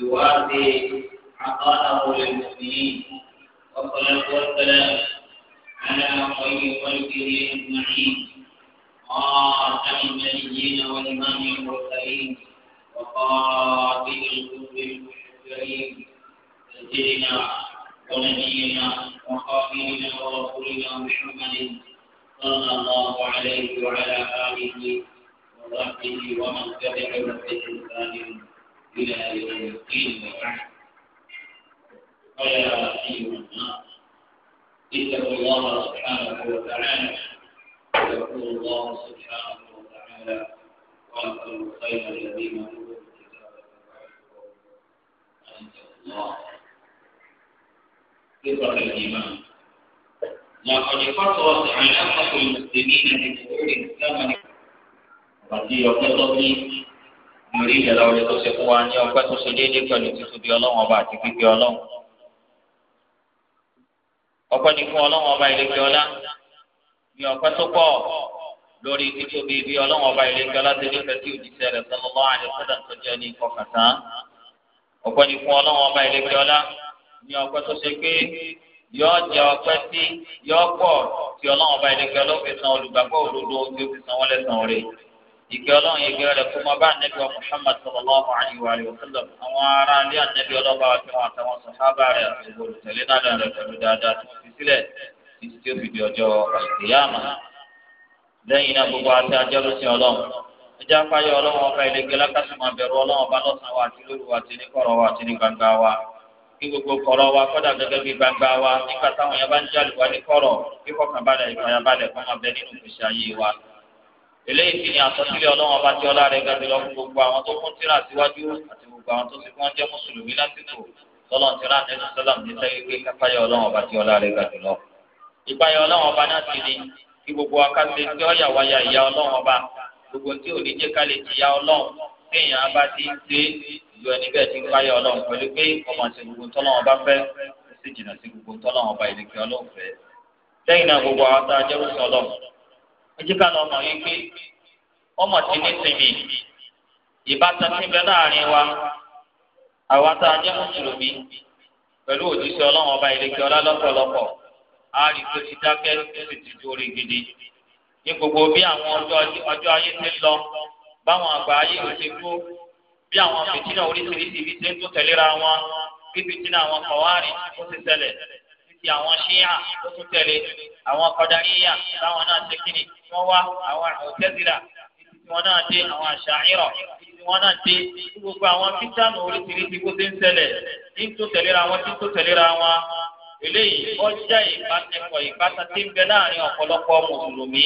يوافي عطاءه للمؤمنين والصلاة والسلام على خير خلقه أجمعين خاتم النبيين وإمام المرسلين وقائد الكفر المحجرين سيدنا ونبينا وقائدنا ورسولنا محمد صلى الله عليه وعلى آله وصحبه ومن تبعهم بإحسان إلى يوم الدين وبعد فيا أيها الناس اتقوا الله سبحانه وتعالى ويقول الله سبحانه وتعالى وأنتم خير الذين أوتوا الكتاب أن اتقوا الله فطرة الإيمان لقد قصرت علاقة المسلمين بدخول الزمن التي يقتضي mo rí ìdẹ̀lá orí tó ṣe fún wa ní ọpẹ́ tó ṣe déédéé pẹ̀lú títóbi ọlọ́run ọba àti pípé ọlọ́run. ọpẹ́ ni fún ọlọ́run ọba ìlẹ́kẹ̀ ọlá ní ọpẹ́ tó pọ̀ lórí títóbi ibi ọlọ́run ọba ìlẹ́kẹ̀ ọlá ti nífẹ̀ẹ́ sí òjíṣẹ́ rẹ̀ sallallahu alaihi wasallam tó jẹ́ ní ìkọkàtàn. ọpẹ́ ni fún ọlọ́run ọba ìlẹ́kẹ̀ ọlá ní ọpẹ́ tó ṣe pé yọ jẹ ọpẹ́ sí yọ pọ̀ tí ọlọ́run ọba ìlẹ́kẹ̀ ọlá ìkẹ́ ọlọ́run ìkẹ́ rẹ̀ kó máa bá ànábì wa muhammad sallallahu alayhi wa sallam àwọn ará ilé ànábì ọlọ́ba àti wọn àtàwọn sàhábà rẹ̀ àti olùtẹ̀lé náà rẹ̀ pẹ̀lú dáadáa tó fi sílẹ̀ títí tí ó fi di ọjọ́ àìsèyáàmà lẹ́yìn náà gbogbo àti ajẹ́rúsìn ọlọ́run ẹjẹ́ apáyọ ọlọ́run ọba ìlẹ́gẹ́ lákàtúmọ̀ àbẹ̀rù ọlọ́run ọba lọ́sàn-án wa àti lóru wa àti ní kọ̀rọ̀ eléyìí ti ní àsọsílẹ̀ ọlọ́run ọba tí ọlá rẹ̀ ga jùlọ fún gbogbo àwọn tó kún tírà síwájú àti gbogbo àwọn tó ti fún ọjọ́ mùsùlùmí lásìkò tọ́lọ́n tírà nẹ́sù sọ́lọ́m ní sẹ́yìn pé kápáyà ọlọ́run ọba tí ọlá rẹ̀ ga jùlọ. ìpáyà ọlọ́run ọba náà ti ní kí gbogbo akáṣe tí ọ̀yà wáyà ìyá ọlọ́run ọba gbogbo tí ò ní jẹ́ ká lè ti ya ọlọ́run téèyàn bá ti gbé ìlú ẹni bẹ́ẹ̀ ti ń páyà ọlọ́run pẹ̀lú pé ọmọ àti gbogbo tọ́lọ́run ọba fẹ́ ó ojú ká lọ mọ̀ yìí pé ọmọ ti ní sinmi ìbátan ti bẹ láàrin wa àwa tá a jẹ́ mùsùlùmí pẹ̀lú òjíṣẹ́ ọlọ́run ọba ìlẹ́kẹ́ ọlá lọ́pọ̀lọpọ̀ a rí tó ti dákẹ́ tó sì ti dúró gidi ní gbogbo bí àwọn ọjọ́ ayé ti ń lọ báwọn àgbà ayé ò ti kú bí àwọn fìtínà oríṣiríṣi ibi ti ń tó tẹ̀léra wọn bí fìtínà àwọn kọ̀wárì ó ti ṣẹlẹ̀ ti àwọn ṣíyà tó tún tẹ̀lé àwọn kọ̀dáríyà táwọn náà ṣe kíni wọ́n wá àwọn Mu'tazila tí wọ́n náà dé àwọn Asha'ira tí wọ́n náà dé gbogbo àwọn kíntànù oríṣiríṣi kó ti ń ṣẹlẹ̀ tí ń tó tẹ̀léra wọn tí ń tó tẹ̀léra wọn eléyìí ọjà ìbáṣepọ̀ ìbáṣa tí ń bẹ láàrin ọ̀pọ̀lọpọ̀ mùsùlùmí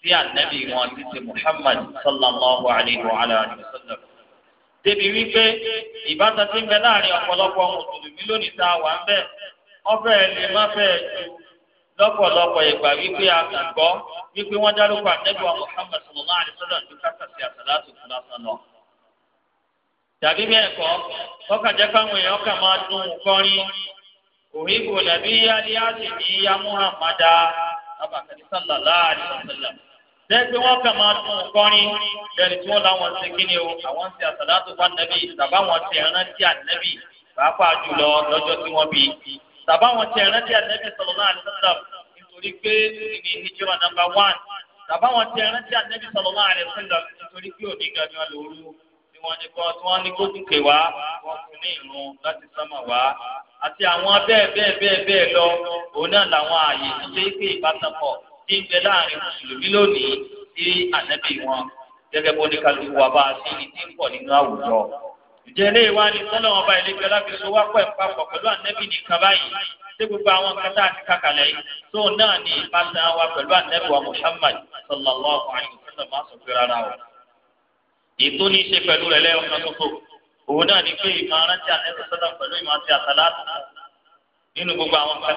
sí ànábì wọn ti ṣe Muhammad sallallahu alayhi wa sallam débi wípé ìbáṣa tí ń bẹ láàrin ọ̀pọ̀lọpọ̀ mùsùlùmí lónìí tá a wà ń bẹ́ẹ̀ ọfẹ lè má fẹ ju lọ́pọ̀lọpọ̀ ìgbà wípé a kàn gbọ́ wípé wọn dárúkọ àtẹgbọ Muhammad sallallahu alaihi wasallam ju kásàsì àsàlátù fún lásán lọ. tàbí bẹ́ẹ̀ kọ́ ọkàjẹ́ fáwọn èèyàn kà máa dún kọrin òhìnbó làbí aliasi ní ya Muhammadu abakari sallallahu alaihi wasallam lẹ́gbẹ̀ẹ́ wọn kà wọ́n láwọn ṣe kíni o àwọn ṣe tàbáwọn tí ẹ̀rẹ́ tí ànábì sallallahu alaihi wasallam nítorí pé ìní hijira nàmbà wán tàbáwọn tí ẹ̀rẹ́ tí ànábì sallallahu alaihi wasallam nítorí pé òní gangan lòru ni wọ́n ní kan tí wọ́n ní kó dùnkè wá wọ́n fún ní ìrun láti sánmà wá àti àwọn bẹ́ẹ̀ bẹ́ẹ̀ bẹ́ẹ̀ bẹ́ẹ̀ lọ òun náà làwọn ààyè tó ṣe é pé ìbátanpọ̀ ti ń bẹ láàrin mùsùlùmí lónìí sí ànábì wọn gẹ́gẹ́ bó ní kálukú wa bá a sí ní tí ń pọ̀ nínú àwùjọ ìjẹ́ ilé ìwà ni sọ́lọ́wọ́n bá ilé gbẹ láti so wápọ̀ ìpapọ̀ pẹ̀lú ànẹ́bì nìkan báyìí tí gbogbo àwọn nǹkan tá a ti kàkàlẹ̀ yìí tó náà ní ìbátan wa pẹ̀lú wa Muhammad o. ètò ní í ṣe pẹ̀lú rẹ̀ lẹ́yìn tuntun òun náà ní pé ìmọ̀ pẹ̀lú ìmọ̀ gbogbo àwọn nǹkan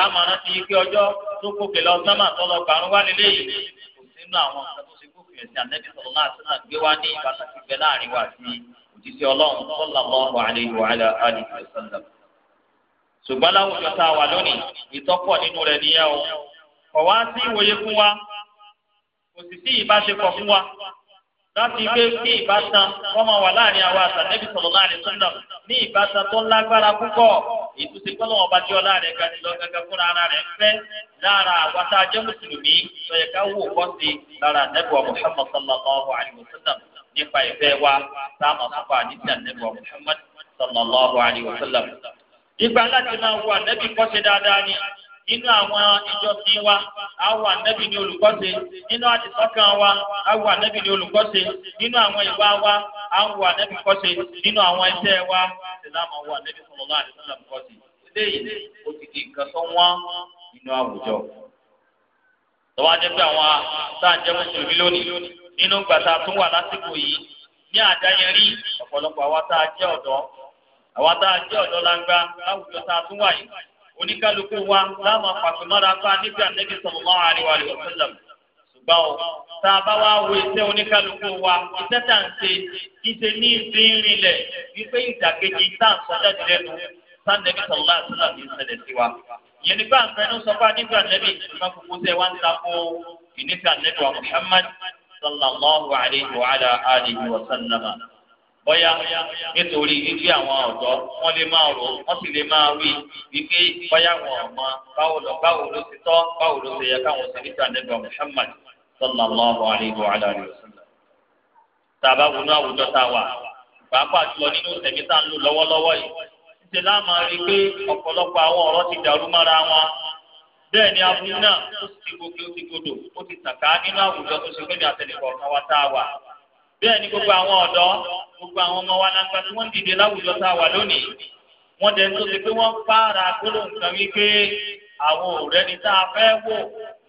tá a kà tó gòkè lọ sọ́mà tó lọ gbàrún wá lélẹ́ yìí kò sínú àwọn nǹkan tó ṣe gòkè ẹ̀sìn ànẹ́bí sọ̀rọ̀ náà sínú àgbé wá ní ìbátan ti bẹ láàrin wa sí òjíṣẹ́ ọlọ́run sọ́lá lọ́wọ́ àlejò àlẹ́ àlejò sọ́lá. ṣùgbọ́n láwùjọ tá a wà lónìí ìtọ́pọ̀ nínú rẹ̀ nìyẹn o kọ̀ wá sí ìwòye fún wa kò sì sí ìbáṣepọ̀ fún wa láti gbé sí ìbátan wọ́n máa wà láàrin àwa àtànẹ́bí sọ̀rọ̀ láàrin sọ́lá ní ìbátan tó lágbára púpọ̀ ìtúsí kọ́lọ́ ọba tí ọlá rẹ̀ gani lọ gẹ́gẹ́ fúnra ara rẹ̀ fẹ́ lára àwa tá a jẹ́ mùsùlùmí lọ́yẹ̀ ká wò wọ́n sí lára nẹ́bùwà Muhammad sallallahu alayhi wa sallam nípa ìfẹ́ wa sáàmà fúnpa àdìsí ànẹ́bùwà Muhammad sallallahu alayhi wa sallam. ìgbà láti máa wo ànẹ́bí kọ́ṣe dáadáa ni nínú àwọn ìjọsìn wa àwọn ànábì ní olùkọ́ṣe nínú àdìsọ́kàn wa àwọn ànábì ní olùkọ́ṣe nínú àwọn ìwà wa àwọn ànábì nínú àwọn iṣẹ́ wa ìsìlámù àwọn ànábì sallallahu alaihi wasallam kọ́ṣe. eléyìí ó ti inú àwùjọ. tọ́wọ́ pé àwọn tá mùsùlùmí lónìí nínú gbàtà tó wà lásìkò yìí ní ọ̀pọ̀lọpọ̀ ọ̀dọ́ oníkálukú wa láwọn pàtùmọ́ra pa níbi ànẹ́bí sallallahu alaihi wa sallam ṣùgbọ́n o tá a bá wá wo iṣẹ́ oníkálukú wa iṣẹ́ tá à ń ṣe iṣẹ́ ní ìdí rinlẹ̀ wípé ìdàkejì tá à ń sọjá jùlẹ̀ nù sànẹ́bí sallallahu alaihi wa sallam ní ìṣẹ̀lẹ̀ sí wa. ìyẹn nígbà ń sọ fún níbi ànẹ́bí ìṣùgbọ́n kúkú tẹ wá ń ta kó ìníṣẹ́ ànẹ́bí wa Muhammad sallallahu alaihi wa ala wa sallama bọ́yá nítorí wípé àwọn ọ̀dọ́ wọ́n lè máa rò wọ́n sì lè máa wí wípé bọ́yá wọn ọ̀mọ báwo lọ báwo ló ti tọ́ báwo ló ti yẹ káwọn ṣe níta nígbà Muhammad sallallahu alayhi wa alayhi wa sallam. tàbá wọnú àwùjọ tá a wà pàápàá jùlọ nínú tẹ̀mí tá a ń lò lọ́wọ́lọ́wọ́ yìí ṣe láàmú rí pé ọ̀pọ̀lọpọ̀ àwọn ọ̀rọ̀ ti dàrú mára wọn bẹ́ẹ̀ ni aburú náà ó ti gòkè ó ti gòdò ó ti tàkà nínú àwùjọ tó ṣe pé ní àtẹnìkọ̀ọ̀kan wa tá a wà bẹ́ẹ̀ ni gbogbo àwọn ọ̀dọ́ gbogbo àwọn ọmọ wa nàgbà tí wọ́n dìde láwùjọ tá a wà lónìí wọ́n dẹ̀ tó ṣe pé wọ́n fara gbólóhùn kan wípé àwọn ọ̀rẹ́ ni tá a fẹ́ wò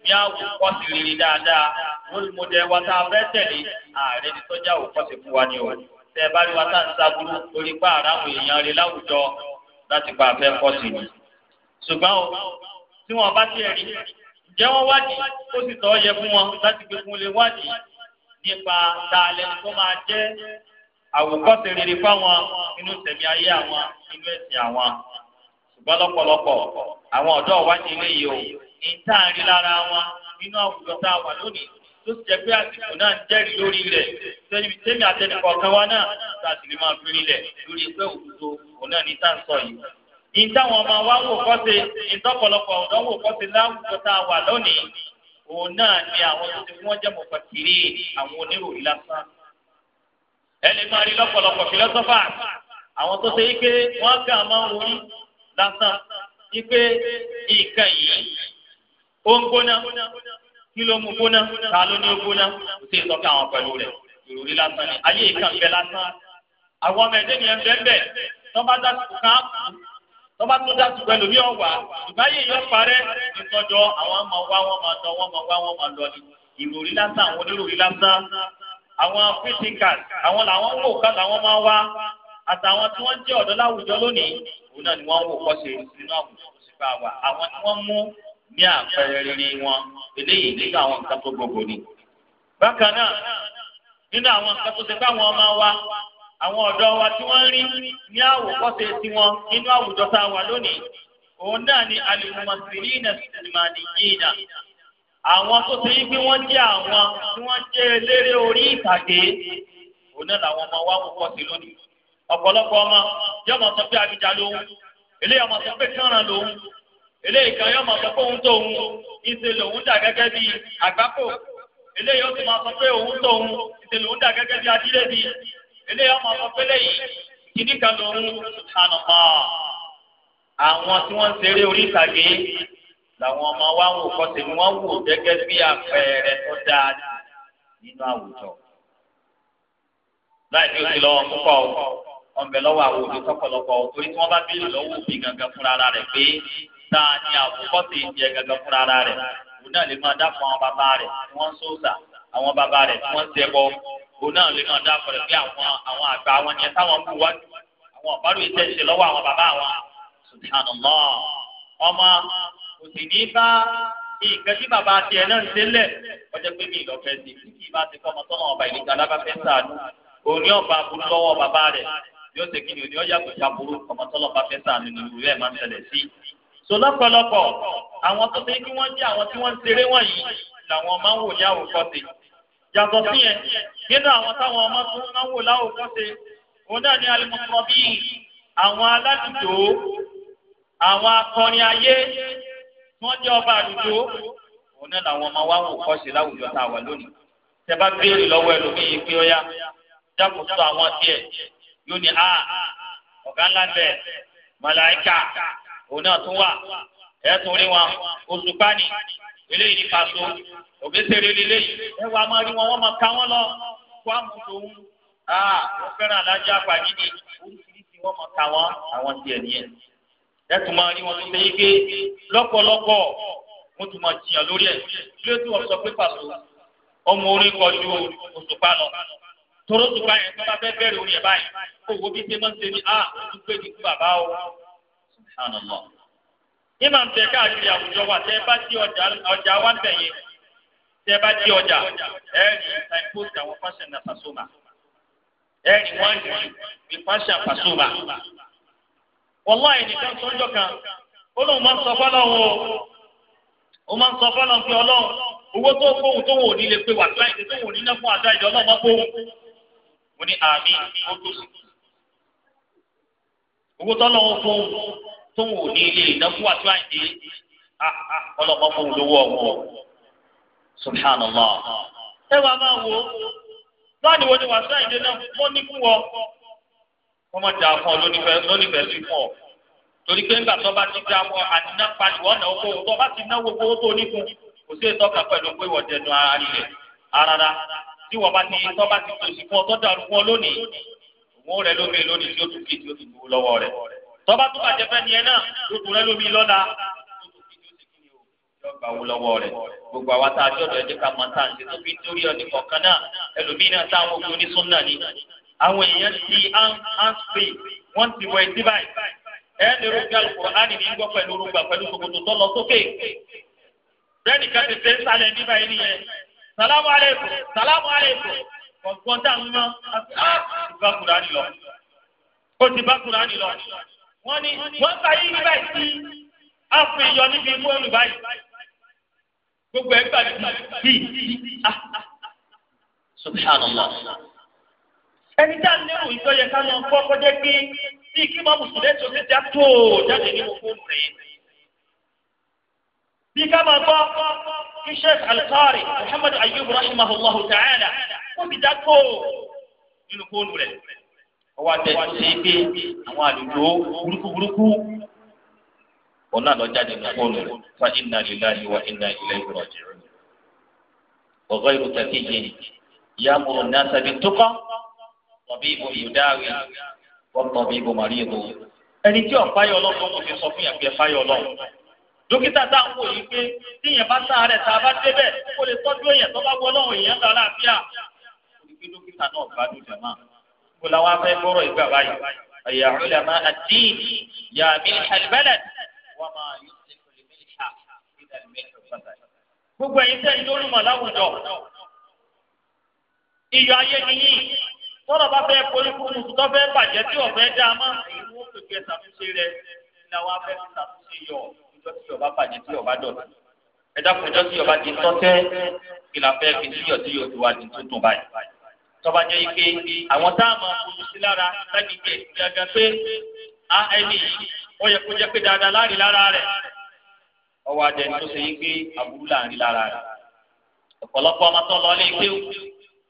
ní àwòkọ́sí rere dáadáa lórí mo dẹ̀ wa tá a fẹ́ tẹ̀lé ààrẹ ni sọ́jà àwòkọ́sí fún wa ni o tẹ́ ẹ bá rí wa tá à ń sábúrú orí pa ara èèyàn rẹ láwùjọ láti pa àfẹ́ kọ́sí ni ṣùgbọ́n o tí wọ́n bá tiẹ̀ rí ǹjẹ́ wọ́n wádìí ó sì tọ́ yẹ fún wọn láti gbé fún lè wádìí nípa tààlẹ́ àwòkọ́ṣe rere fáwọn inú sẹ̀mí ayé àwọn inú ẹ̀sìn àwọn ṣùgbọ́n lọ́pọ̀lọpọ̀ àwọn ọ̀dọ́ wa ti léyìí o ní tá à ń rí lára wọn nínú àwùjọ tá a wà lónìí tó ti jẹ́ pé àsìkò náà ń jẹ́rìí lórí rẹ̀ sẹ́ni tẹ́mi àtẹnukọ̀ kan wá náà tá a sì lè máa fi rinlẹ̀ lórí pé òdodo òun náà ní tá à ń sọ yìí. ní táwọn ọmọ wa wò kọ́ṣe ìtọ́pọ̀lọpọ̀ ọ̀dọ́ wò kọ́ṣe láwùjọ tá a wà lónìí òun náà ni àwọn tó ti fún wọn jẹ́ mọ̀kàtìrì àwọn oníròyìn lásán ẹni máa rí lọ́pọ̀lọpọ̀ fìlọ́sọ́fà àwọn tó ṣe ike wọ́n kà máa ń wọ̀nyí lásán ike ìka yìí ó ń gbóná kí ló mú gbóná ta ló ní ó gbóná kò sí ìtọ́ka àwọn pẹ̀lú rẹ̀ ìròrí lásán ni ayé ìka ń bẹ lásán àwọn ọmọ ẹ̀dẹ́ nìyẹn bẹ́ẹ̀ bẹ́ẹ̀ tọ́ba dá kan tọ́ba tó dá tùpẹ́ lómi ọ̀wà ìbáyé yọ parẹ́ ìtọ́jọ́ àwọn ọmọ wa wọn máa tọ́ wọn máa wá wọn máa lọ ìròrí lásán àwọn oníròrí àwọn physical àwọn làwọn wò ká làwọn máa wá àtàwọn tí wọ́n jẹ́ ọ̀dọ́ láwùjọ lónìí òun náà ni wọ́n wò kọ́ṣe nínú àwùjọ tó sì bá wa àwọn ni wọ́n mú ní àpẹẹrẹ rere wọn eléyìí nínú àwọn nǹkan tó gbogbo ni. bákan náà nínú àwọn nǹkan tó ṣe pé àwọn ọmọ wa àwọn ọ̀dọ́ wa tí wọ́n rí ní àwòkọ́ṣe tiwọn nínú àwùjọ tá a wà lónìí òun náà ni alùpùpù àwọn tó ṣe wípé wọ́n jẹ́ àwọn tí wọ́n jẹ́ eléré orí ìtàgé òun náà làwọn ọmọ wa wọ́pọ̀ sí lónìí ọ̀pọ̀lọpọ̀ ọmọ yóò máa sọ pé abidjan lòun eléyà máa sọ pé kánran lòun eléyìí kan yóò máa sọ pé òun tóun ìṣe lòun dà gẹ́gẹ́ bí àgbákò eléyìí ó sì máa sọ pé òun tóun ìṣe lòun dà gẹ́gẹ́ bí adírẹ́bí eléyìí ó máa sọ pé lẹ́yìn kìnnìkan lòun ànàmọ́ àwọn tí wọ́n ń ṣeré orí ìtàgé làwọn ọmọ wa ń wò kọ́sẹ̀ ni wọ́n wò gẹ́gẹ́ bí àpẹẹrẹ tó dáa nínú àwùjọ. láì ní òsì lọ́wọ́ púpọ̀ ọ̀nbẹ lọ́wọ́ àwọn òbí tọ́pọ̀lọpọ̀ torí tí wọ́n bá béèrè lọ́wọ́ òbí gangan fúnra rẹ̀ pé ta ni àwòkọ́sẹ̀ ìjẹ gangan fúnra rẹ̀ òun náà lè máa dápọ̀ àwọn bàbá rẹ̀ tí wọ́n ń sóòsà àwọn bàbá rẹ̀ tí wọ́n ń tẹ́bọ̀ òun náà lè máa dápọ̀ rẹ̀ pé àwọn àgbà wọn yẹn táwọn ń wájú àwọn ọ̀bárò ìtẹ̀sẹ̀ lọ́wọ́ àwọn bàbá wọn subhanallah ọmọ kò sì ní bá nǹkan tí bàbá tiẹ̀ náà ń délẹ̀ ọjọ́ pé mi ìlọ́fẹ́ sí i kí bá ti kọ́ ọmọ sọ́nà ọba ìlú galaba fẹ́ sàánú òní ọba burú lọ́wọ́ bàbá rẹ̀ yóò ṣe kí ni òní ọjà kò ṣàbúrú ọmọ sọ́nà ọba fẹ́ sàánú ni ìlú rẹ̀ máa ń ṣẹlẹ̀ sí. so lọ́pọ̀lọpọ̀ àwọn tó ṣe kí wọ́n jẹ́ àwọn tí wọ́n ń ṣeré wọ̀nyí làwọn máa ń wò ní àwòkọ́ṣe yàtọ̀ sí nínú àwọn táwọn ọmọ ni alimọ̀tọ́ bíi àwọn aládùúgbò àwọn akọrin tí wọ́n jẹ́ ọba àdúgbò òun náà làwọn ọmọ wa ń kọ́ sí láwùjọ tá a wà lónìí tẹ bá béèrè lọ́wọ́ ẹlòmíì pé ó yá àwọn tiẹ̀ yóò ní a ọ̀gá ńlá bẹ̀ màláìkà òun náà tún wà ẹ̀ẹ́tún rí wọn oṣù pání eléyìí ní pàṣọ òbẹ́sẹ̀rẹ̀ lélẹ́yìí ẹ wàá máa rí wọn wọ́n máa ka wọ́n lọ kó àmúṣe òun a wọ́n fẹ́ràn alájà pàdé ní oríṣiríṣi wọ́n máa ka wọ́n àwọn tiẹ̀ nìyẹn ẹ tún máa rí wọn tó ṣe yí pé lọ́pọ̀lọpọ̀ wọ́n tún máa jiyàn lórí ẹ̀ ilé tí wọ́n sọ pé pàṣọ ọmọ orí kọjú òṣùpá lọ tóró òṣùpá yẹn tó bá fẹ́ bẹ̀rẹ̀ orí ẹ̀ báyìí kó wo bí ṣe ṣe ní ah ó tún gbé ní kú bàbá o subhanallah ìmọ̀ ń tẹ káàkiri àwùjọ wa tẹ́ bá dí ọjà wa ń bẹ̀ yẹn tẹ́ bá dí ọjà ẹ rí signpost àwọn fashion na pasoma ẹ rí wọ́n rí fashion pasoma wọláì nìkan sọ́jọ́ kan ó lóun máa ń sọ fọlọ́hún o ó máa ń sọ fọlọ́hún pé ọlọ́hún owó tó fóun tó wò ní lè pe wàtí láì tó wò ní náà fún àdá ìjọ ọlọ́hún máa fóun mo ní àmì ó tó sì owó tó lọ́wọ́ fóun tó wò ní ilé ìnáfún wàtí láì dé ah, ah, ọlọ́hún máa fóun lówó ọ̀wọ́ subhanallah ẹ wàá máa wò ó báwo ni wọ́n ti wàtí láì dé náà wọ́n ní fún ọ wọ́n mọ̀ jà fún ọ lónífẹ̀ẹ́ sí fún ọ. torí pé nígbà tó bá ti dá wọn àníná pariwo ọ̀nà owó tó bá ti ná gbogbo owó tó níkun kò sí ètò ọkà pẹ̀lú pé wọ́n jẹnu ara rẹ̀ arara tí wọ́n bá ti tó bá ti tòṣì fún ọ tó dàrú fún ọ lónìí òun rẹ̀ lómi lónìí tí ó tún kí ó ti gbowó lọ́wọ́ rẹ̀ tó bá tó bàjẹ́ fẹ́ ni ẹ náà lókun rẹ̀ lómi lọ́la yọgbà wò lọ́wọ́ gbogbo àwa tá a jọ̀dọ̀ ẹ̀ àwọn èèyàn ti hand spray wọ́n ti wọ etí báyìí ẹ lè ro gbàlù kùránì ní gbọ́ pẹ̀lú orúgbà pẹ̀lú ṣòkòtò tó lọ sókè bẹ́ẹ̀ni ká tètè ń sálẹ̀ ní báyìí nìyẹn salamu aleykum salamu aleykum ọ̀gbọ́n tá a ń mọ àti bá kùránì lọ ó ti bá kùránì lọ wọ́n ní wọ́n ka yí ní báyìí sí àfin ìyọ níbi fóònù báyìí gbogbo ẹgbàá bíi bíi ah, ah, ah subhanallah ẹni tá a lérò ìjọ yẹ ká máa kọ́ kọjá pé bí kí máa mùsùlùmí tó ti já tó jáde nínú fóònù rẹ̀. bí ká máa gbọ́ kí sheikh alqari muhammad ayub rahimahullahu ta'ala ó ti já tó nínú fóònù rẹ̀. ọwọ́ àtẹ̀jú ṣe pé àwọn àlùjọ burúkú wọn náà lọ jáde nínú fóònù rẹ̀ fa inna lillahi wa inna ilayhi raji'un. wa ghayru taqiyyin ya'muru an-nasa bit tọ̀bí ibo yòdáwì wọ́tọ̀bí ibo màrí ibo. ẹni tí ọ̀páyọ̀ ọlọ́run kò fi sọ fún yàn pé ẹ̀fáyọ̀ ọlọ́run. dókítà tá à ń wò yìí pé tíyẹn bá sáárẹ̀ tá a bá débẹ̀ kó lè tọ́jú èèyàn tó bá wọ ọlọ́run èèyàn dá láàfíà. olùgbé dókítà náà gbádùn jàmá. kó làwọn afẹ́ gbọ́rọ̀ ìgbà báyìí. ẹ̀yà ulama ad ya milh al-balad wa ma yuslihu al-milha illa tọ́rọ̀ bá fẹ́ borí fún un tó fẹ́ bàjẹ́ tí ọ̀fẹ́ dá a máa èyí ni wọ́n pè kí ẹ ṣàtúnṣe rẹ ìlàwọ̀ afẹ́ fi ṣàtúnṣe yọ ìjọ tí ọba bàjẹ́ tí ọba dọ̀tí ẹ̀dá kò ìjọ tí ọba di tọ́tẹ́ ìlà fẹ́ fi síyọ̀ tí yóò ti wá di tuntun báyìí tọ́ba jẹ́ ike àwọn tá a máa fojú sí lára lágbègbè gàgà pé a ẹni yìí ó yẹ kó jẹ́ pé dáadáa láàrin lára rẹ̀ ọwọ́ adẹ tó ṣe yí pé àbúrú láàrin lára rẹ̀ ọ̀pọ̀lọpọ̀ ọmọ tó lọ ilé ìkéwù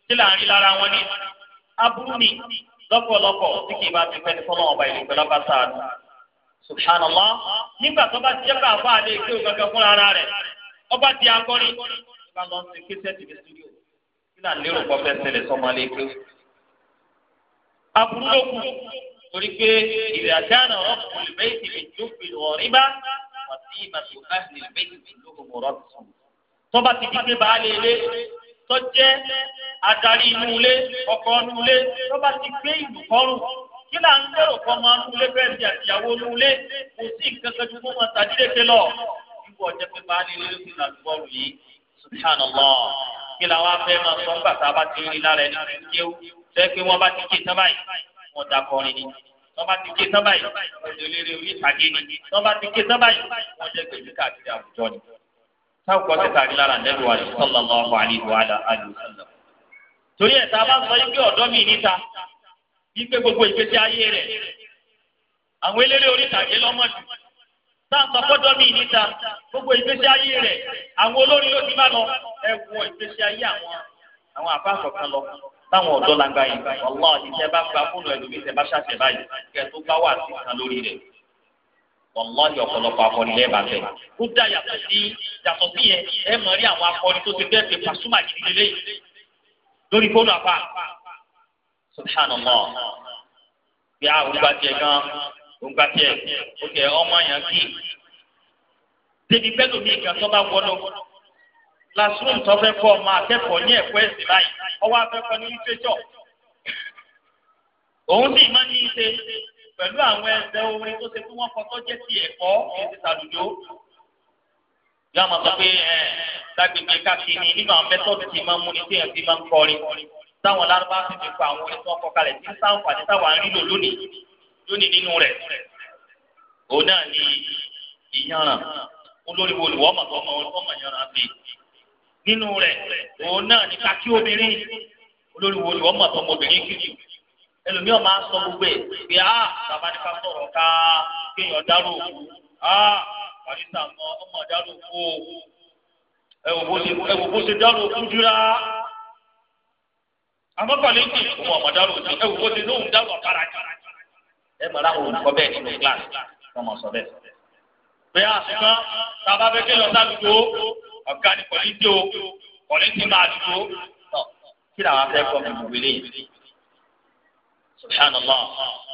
sí láàrin lára wọn ní aburú ni lọ́pọ̀lọpọ̀ tí kì í bá ti pẹ́ni fọlọ́wọ́n ọba ìlú pẹ̀lú ọba sáàdù subhanallah nígbà tó bá jẹ́ pé àbá àlẹ́ ìgbé òkèké fún ara rẹ̀ ọba di akọrin ìbá lọ sí kíṣẹ́ tìbí studio kí là ń lérò pọ̀ fẹ́ ṣẹlẹ̀ sọmọ alẹ́ ìgbé. torí pé ìrìn àjáàna ọkùnrin bẹ́ẹ̀ ti lè bẹ́ẹ̀ ti tọ́jẹ́ adarí inú ilé ọkọ inú ilé tó bá ti gbé ìlú kọ́rùn kí là ń lérò kọ́ máa ń lé bẹ́ẹ̀ ní àtìyàwó inú ilé kò sí nǹkan kan ju kó máa tàdídéke lọ. ibú ọjọ́ pé bá a ní ilé lókè náà ti bọ́ọ̀lù yìí subhanallah kí làwọn afẹ́ máa sọ ń bàtà bá ti rí lára ẹni tó ń jẹ́ pé wọ́n bá ti ké tán wọ́n dakọrin ni ni wọ́n bá ti ké tán wọ́n jẹ́ pẹ̀lú táwọn kọ́ sí tàrí lára nẹ́bí wa yìí sallallahu alaihi wa alihi wa sallam. torí ẹ̀ tá a bá sọ yìí pé ọ̀dọ́ mi níta wípé gbogbo ìgbésí ayé rẹ̀ àwọn eléré oríṣàgé lọ́mọdù sáǹsọ gbọ́dọ̀ mi níta gbogbo ìgbésí ayé rẹ̀ àwọn olórin ló ti bá lọ ẹ wọ ìgbésí ayé àwọn àwọn àbáṣọ kan lọ táwọn ọ̀dọ́ làgbà yìí ọlọ́ọ̀ ìṣẹ́ bá gba fóònù ẹ̀lòmíì ìṣẹ́ bá ṣàṣẹ wàláyé ọ̀pọ̀lọpọ̀ akọni lẹ́ẹ̀ bá bẹ̀. ó dá yàtọ̀ sí yàtọ̀ sí yẹn ẹ mọ̀ rí àwọn akọni tó ti bẹ́ẹ̀ fi pàṣùmà gidi lélẹ̀ lórí fóònù àpá. subhanallah bí a ò gbà tiẹ̀ gan ò gbà tiẹ̀ ó kẹ ọmọ yẹn kì í. débi pẹ́lú mi ìgbà tó bá wọnú classroom tó fẹ́ fọ́ ọmọ akẹ́kọ̀ọ́ ní ẹ̀kọ́ ẹ̀sìn báyìí ọwọ́ afẹ́kọ̀ọ́ ní pẹ̀lú àwọn ẹsẹ̀ orin tó ṣe fún wọn kọ́ tó jẹ́ ti ẹ̀kọ́ kí n ti sàlùjọ. Ìyá ọmọ sọ pé ẹ lágbègbè káàkiri ni nínú àwọn mẹ́tọ́ọ̀dù tí máa ń múni tí èèyàn ti máa ń kọrin. Táwọn lárúbá sì ti kọ àwọn orin tó ń kọ kalẹ̀ tí sáǹfààní táwọn ń rílò lónìí lónìí nínú rẹ̀. Òun náà ni ìyanràn olórí wo ni wọ́n mọ̀ tó mọ orin tó mọ̀ yanràn sí. Nínú rẹ̀ òun náà ni kákí obìnrin olórí wo ni wọ́n obìnrin kiri ẹlòmíì ọ̀ máa ń sọ gbogbo ẹ̀ pé a ah, bàbá nípa sọ̀rọ̀ ká kéèyàn dárò òkú a ah, barista mọ ọmọ dárò òkú o ẹ̀wò bó ṣe dárò òkú jura àmọ́ pàlẹ́ kì í fún ọmọ dárò òkú ẹ̀wò bó ṣe lóhùn dárò ọ̀kára jù ẹ mọ̀ láwọn olùkọ́ bẹ́ẹ̀ nínú kíláàsì wọ́n mọ̀ sọ bẹ́ẹ̀. pé a sì tàbá fẹ́ kéèyàn sádùúgbò ọ̀gá ni pọ̀lìtì o pọ̀lìtì máa dùgbò kí làwọn afẹ́ kọ́ mi wọlé yìí subhanallah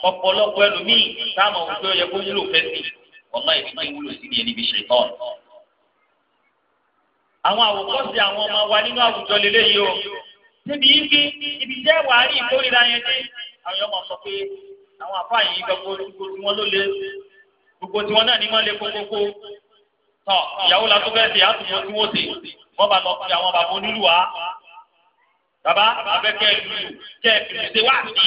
ọ̀pọ̀lọpọ̀ ẹlòmíì táwọn òkúté ọyẹ kó wúlò fẹ́ sí ọ̀nà ìdílé wúlò sí ni ẹni bí ṣètọ́n. àwọn àwòkọ́sí àwọn ọmọ wa nínú àwùjọ lélẹ́yìí o níbi ibi ibi jẹ́ wàhálì ìkórira yẹn dé àwọn ọmọ sọ pé àwọn àfa yìí gbogbo gbogbo tí wọ́n ló lé gbogbo tí wọ́n náà ní wọ́n lé kókókó tọ ìyàwó la tó fẹ́ ṣe àtúnwó tí wọ́n ṣe wọ́n bá lọ fi àwọn bàbá onílù wá bàbá abẹ́kẹ́ lulu kẹ́ fi ṣe wá sí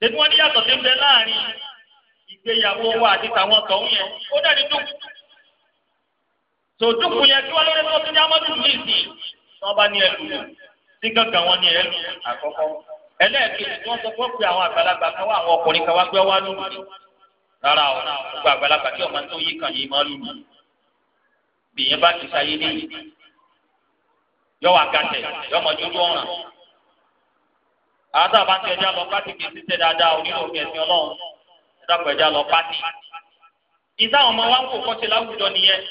ṣètò wọn ní yàtọ̀ tó ń bẹ láàrin ìgbéyàwó wa àti tàwọn tọ̀hún yẹn ó dàbí dúkù tó dúkù yẹn kí wọn lórí tó ti ní amadu ní ìsìn wọn bá ní ẹlú sí gángan wọn ní ẹlú àkọ́kọ́ ẹlẹ́ẹ̀kejì tí wọ́n sọ fún pé àwọn àgbàlagbà kan wá àwọn ọkùnrin kan wá gbé wá lùlù rárá o gbogbo àgbàlagbà kí ọmọ tó yí kàn yí máa lùlù bìyẹn bá ti sáyé níyì yọ wà gàtẹ yọmọdúndún ọ̀ràn àwọn tá a bá ń tẹjá lọ pátì kì í ti tẹ dáadáa onílò òfin ẹ̀sìn ọlọ́run ẹ̀dàpọ̀ ẹ̀já lọ pátì. ìta àwọn ọmọ wa ń kó kọ́ṣe láwùjọ nìyẹn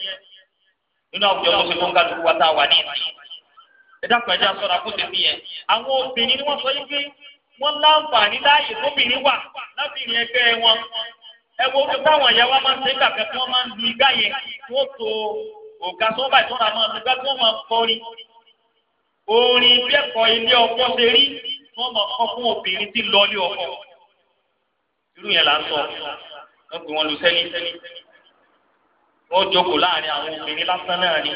nínú àwùjọ tó ṣe fún kálukú wa tá a wà ní ìsìn. ẹ̀dàpọ̀ ẹ̀já sọ̀rọ̀ àkóso mi yẹn. àwọn obìnrin ni wọ́n sọ yí pé wọ́n láǹfààní láàyè tóbìnrin wà láti ìrìn ẹgbẹ́ wọn. ẹ wo ojú táwọn ìyá wa máa ń ṣe kàfẹ́ tí wọ́n máa ń lu wọ́n máa kọ́ fún obìnrin tí lọ́ọ́lé ọkọ irú yẹn là ń sọ wọ́n pè wọ́n lu sẹ́lí wọ́n jókòó láàrin àwọn obìnrin lásán náà ni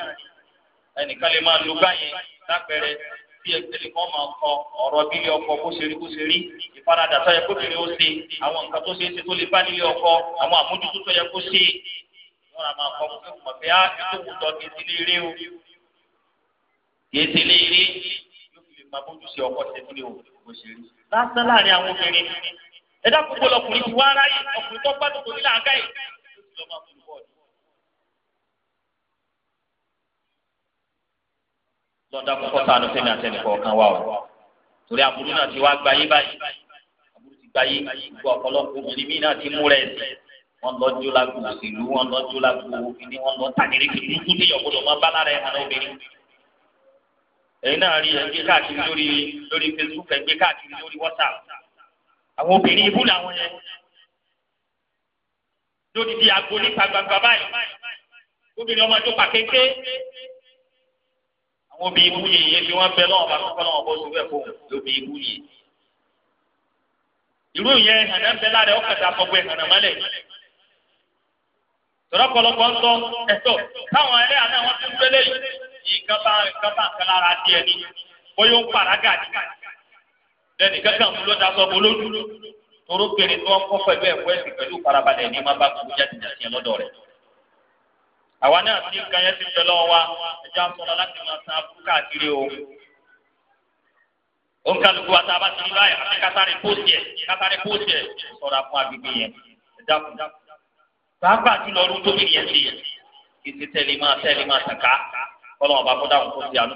ẹnìkan lè máa lu báyẹn lápẹẹrẹ bí ẹgbẹ́lẹ̀ kan máa kọ ọ̀rọ̀ bí ọkọ kó ṣe rí kó ṣe rí ìfaradà tó yẹ kó bèrè ó ṣe àwọn nǹkan tó ṣe é ṣe tó lè bá nílé ọkọ àwọn àmójútó tó yẹ kó ṣe wọn àmà kọ fún fún mọ̀ pé á ah, ètò òwúntọ́ kì í ti lè rí o kì í ti lè rí máa bójú ṣe ọkọ ṣe kí ni o kò ṣe rí. lásán láàrin àwọn obìnrin ẹ̀dá púpọ̀ lọkùnrin ti wá ráyè ọkùnrin tó gbádùn tó ní làágá yìí ó ti lọ máa fún bọ́ọ̀lù. lọ́dà púpọ̀ sànù fẹ́mi àtẹnìkọ̀ kan wà o torí aburú náà ti wá gbayé báyìí aburú ti gbayé gbogbo ọ̀pọ̀lọpọ̀ obìnrin míì náà ti mú rẹ̀ sí wọn lọ jó lágbo òṣèlú wọn lọ jó lágbo òfin wọn lọ tàdérékè burúkú níyọ̀gbọ́dọ̀ máa bá lára ẹ̀ ẹ̀yin náà rí ẹ káàkiri lórí lórí Facebook ẹ káàkiri lórí WhatsApp àwọn obìnrin ibú làwọn yẹn lórí di agbo nípa gbangba báyìí obìnrin ọmọ tó pa àwọn obìnrin ibú yìí ebi wọn bẹ lọ́wọ́ bá kọ́kọ́ lọ́wọ́ bó sùn lóbi ibú yìí irú yẹn hànà ń bẹ lára ọkàtà àfọwọ́ hànà mọ́lẹ̀ tọ́lọ́pọ̀lọpọ̀ ń sọ ẹ̀tọ́ káwọn ẹlẹ́yà náà wọ́n ti ń gbélé yìí nǹkan bá nǹkan bá nǹkan lára ni bóyá ó ń paraga ni lẹ́nu kankan mú ló dasọ bó lójú toró kéré tí wọ́n kọ́ pẹ̀lú ẹ̀kọ́ ẹ̀sìn pẹ̀lú farabalẹ̀ ní má bá kú jáde jáde lọ́dọ̀ rẹ̀. àwa náà ti ń kan yẹn ti fẹ́ lọ́wọ́ wa ẹja ń sọ̀rọ̀ láti máa san abúlé káàkiri o. ó ń kálukú wa tá a bá ti rí báyìí àti kátàrí pósì ẹ̀ kátàrí pósì ẹ̀ sọ̀rọ̀ fún agbègbè yẹn ẹja kù. pàápàá jùlọ ọdún tó fi yẹn ti yẹn kì í ti tẹ́lẹ̀ máa tẹ́lẹ̀ máa tàkà kọ́lọ́ ọba kó dáhùn kó fi àánú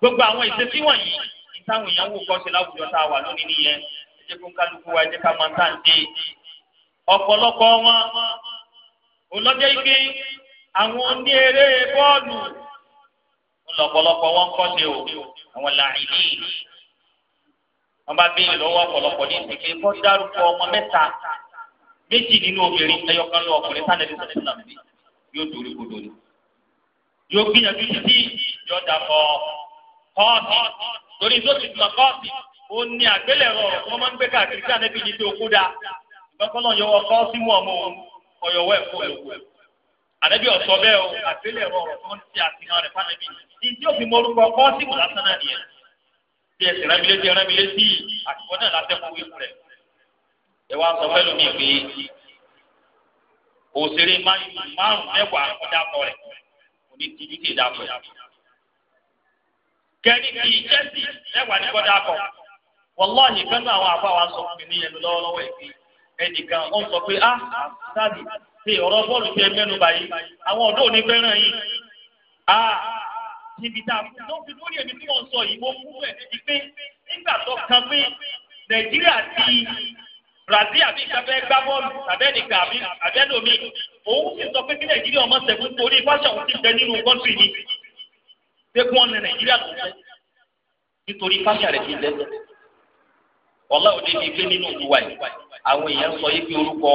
gbogbo àwọn ìṣesí wọ̀nyí ìtàwọn èèyàn wò kọ́ ṣe láwùjọ tá a wà lónìí nìyẹn ẹ kó kálukú wa ẹ ká máa tà ń dé. ọ̀pọ̀lọpọ̀ wọn ike àwọn eré bọ́ọ̀lù wọn kọ́ ṣe o àwọn làìní wọn bá bí ìlọ́wọ́ ọ̀pọ̀lọpọ̀ ní kó dárúkọ ọmọ mẹ́ta méjì nínú obìnrin ẹyọkan lọ ọkùnrin ike yóò gbìyànjú títí yóò dà fọ kọ́ọ̀tì torí tó ti tún kọ́ọ̀tì ó ní àgbélẹ̀rọ wọn máa ń gbé káàkiri káà níbi ní tó kú da ìgbàkọ́nà yọwọ́ kọ́ọ̀tì mú ọmọ ọ̀yọ̀wọ́ ẹ̀kọ́ lòkù àdẹ́bí ọ̀sọ́ bẹ́ẹ̀ o àgbélẹ̀rọ tó ń ti àfihàn rẹ̀ fánàbí ní tí ó fi mọ orúkọ kọ́ọ̀tì mú lásán náà nìyẹn bí ẹsẹ̀ rẹ́mílẹ́sì rẹ́mílẹ́sì àtìwọ́n náà látẹ́kù ikú rẹ̀ ẹ wá sọ fẹ́ lómi pé òṣèré márùn-ún mẹ́wàá kọjá kọ rẹ̀ títí tí ìdá pẹ̀. kẹ́ni kì í jẹ́ sí ẹwà ní gbọ́dọ̀ akọ. wọ́lọ́ọ̀hì fẹ́nu àwọn àbá wa sọ fún mi ní ẹnu lọ́wọ́lọ́wọ́ ẹ̀ pé ẹnìkan ó ń sọ pé ah sáàdì ṣe ọ̀rọ̀ bọ́ọ̀lù tẹ mẹ́nu báyìí àwọn ọ̀dọ́ òní fẹ́ràn yìí ah níbi tá a fún un lórí èmi tí wọ́n sọ yìí mo fún ẹ̀ pé nígbà tó kan pé Nàìjíríà ti Brazil àbí ìkàfẹ́ gbá bọ́ọ̀lù tàbẹ́nìkà àbí òun sì sọ pé kí nàìjíríà ọmọ sẹ̀kún torí fáṣà òun ti bẹ nínú kọ́ńtì ni pé kí wọ́n ní nàìjíríà ló fẹ́ nítorí fáṣà rẹ̀ ti bẹ́ ọ̀la òde ni pé nínú ìwà yìí àwọn èèyàn sọ yìí pé orúkọ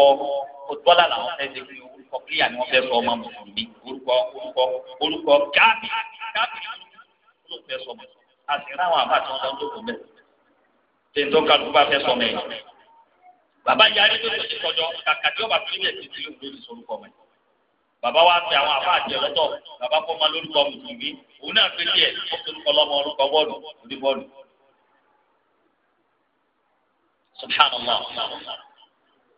òtọ́lá làwọn fẹ́ ṣe pé orúkọ kílíà ni wọ́n fẹ́ sọ ọmọ mùsùlùmí orúkọ orúkọ orúkọ gáàbì gáàbì ló fẹ́ àti ráwọn àbá bàbá yarí pé kò sí kọjọ kàkà tí ọba fílẹ̀ ti ti lóògbé ní sorúkọ mọ́ bàbá wa pe àwọn àbá àti ọlọ́tọ̀ bàbá kọ́ máa lórúkọ mùsùlùmí òun náà fi tiẹ̀ ó sorúkọ lọ́mọ orúkọ bọ́ọ̀lù orí bọ́ọ̀lù. subhanallah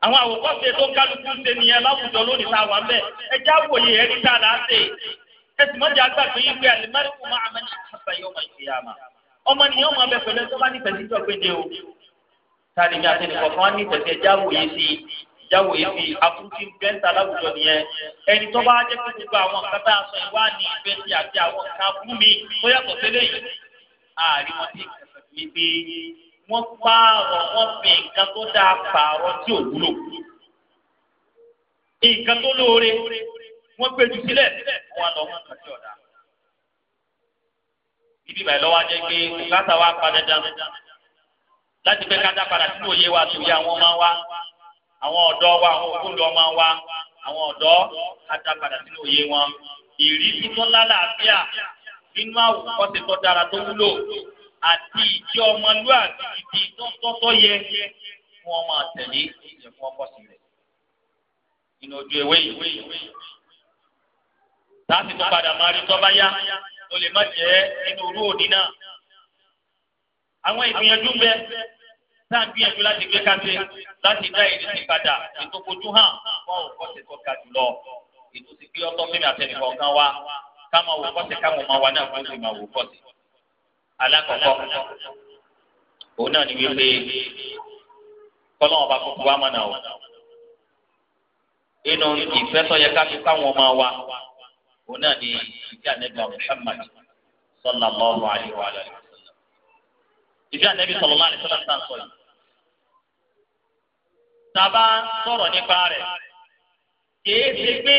àwọn àwòkọ́ṣe tó kálukú ṣe nìyẹn láwùjọ lónìí tá a wà ń bẹ̀ ẹ já wòye ẹni tá a là á ṣe ẹ sì mọ́jà gbàgbé yín pé àlùmọ́rìkù máa mẹ́ni àbáyọ́mọ̀ ìfìyàmà sáré mi àti nìkan kan ní tẹ̀sẹ̀ jáwòye sí jáwòye sí àkútí bẹ́ńtà láwùjọ nìyẹn ẹni tó bá jẹ́ pé gbogbo àwọn nǹkan tá a sọ ìwá ní ìgbésí àti àwọn nǹkan fún mi tó yàtọ̀ sílẹ̀ yìí àárín wọn ti ní pé wọ́n pààrọ̀ wọ́n fi nǹkan tó dáa pààrọ̀ tí ò wúlò nǹkan lóore wọ́n gbèjú sílẹ̀ wọn lọ wọn kàn sí ọ̀dà ibi ìbàlẹ̀ lọ́wọ́ ajẹ́ pé kò káta wá padà dáná láti fẹ́ ká dá padà sínú òye wa àtòyè àwọn ọmọ wa àwọn ọ̀dọ́ wa àwọn òkúńdọ̀ ọmọ wa àwọn ọ̀dọ́ ká dá padà sínú òye wọn. ìrísí tó lálàáfíà nínú àwòkọ́ṣe tó dára tó wúlò àti ìjẹ́ ọmọlúwàbí ibi tọ́tọ́tọ́ yẹ fún ọmọ àtẹ̀lé ìjẹ́ fún ọkọ̀ sílẹ̀. inú ojú ewé yìí láti tó padà máa rí tọ́ba yá ó lè má jẹ́ inú orú òní náà. àwọn ìgbìyànjú bẹ́ẹ̀ náà gbìyànjú láti gbé káṣe láti dá èdè sí padà ìtòkojú hàn wọn ò kọ́sẹ̀ tó ga jùlọ ètò sì pé ọtọ́ mímì àtẹnìkọ̀ kan wá káma wò kọ́sẹ̀ káma máa wà náà kó sì máa wò kọ́sẹ̀. alákọ̀ọ́kọ́ òun náà ni wípé kọ́lọ́wọ́n bá kókó wá mọ̀nà o inú ìfẹ́ tó yẹ ká fi káwọn máa wá òun náà ni ìjà nẹ́gbà Muhammad sallallahu alaihi wa sallam ìjà nẹ́bí sallallahu alaihi wa sallam tàbá sọ̀rọ̀ nípa rẹ̀ kìí ṣe pé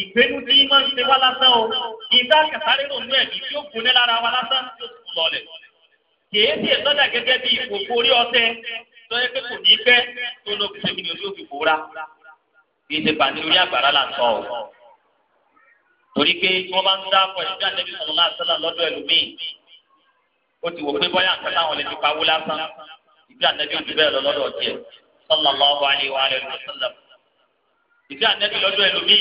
ìgbénu tí máa ń ṣe wá lásán o ìdá kẹsàrí ronú ẹ̀mí tí ó gunlé lára wa lásán tí ó sùn lọlẹ̀ kìí ṣe sọ́jà gẹ́gẹ́ bí ìkòkò orí ọtẹ tó yẹ pé kò ní pẹ́ tó lọ fi ṣèmi ní ojú òfin kóra kìí ṣe pàdé orí àgbàrá là ń sọ o torí pé wọ́n bá ń dá ọkọ̀ ìdí àtẹ́bí sọ̀rọ̀ lásán lọ́dọ̀ ẹlòmíì ó ti wò pé bọ́yá nǹkan táwọn lè fi pawó lásán ìdí àtẹ́bí òjú bẹ́ẹ̀ lọ lọ́dọ̀ tiẹ̀ sallallahu alaihi wa alihi wa sallam ìfẹ́ àtẹ́bí lọ́dọ̀ ẹlòmíì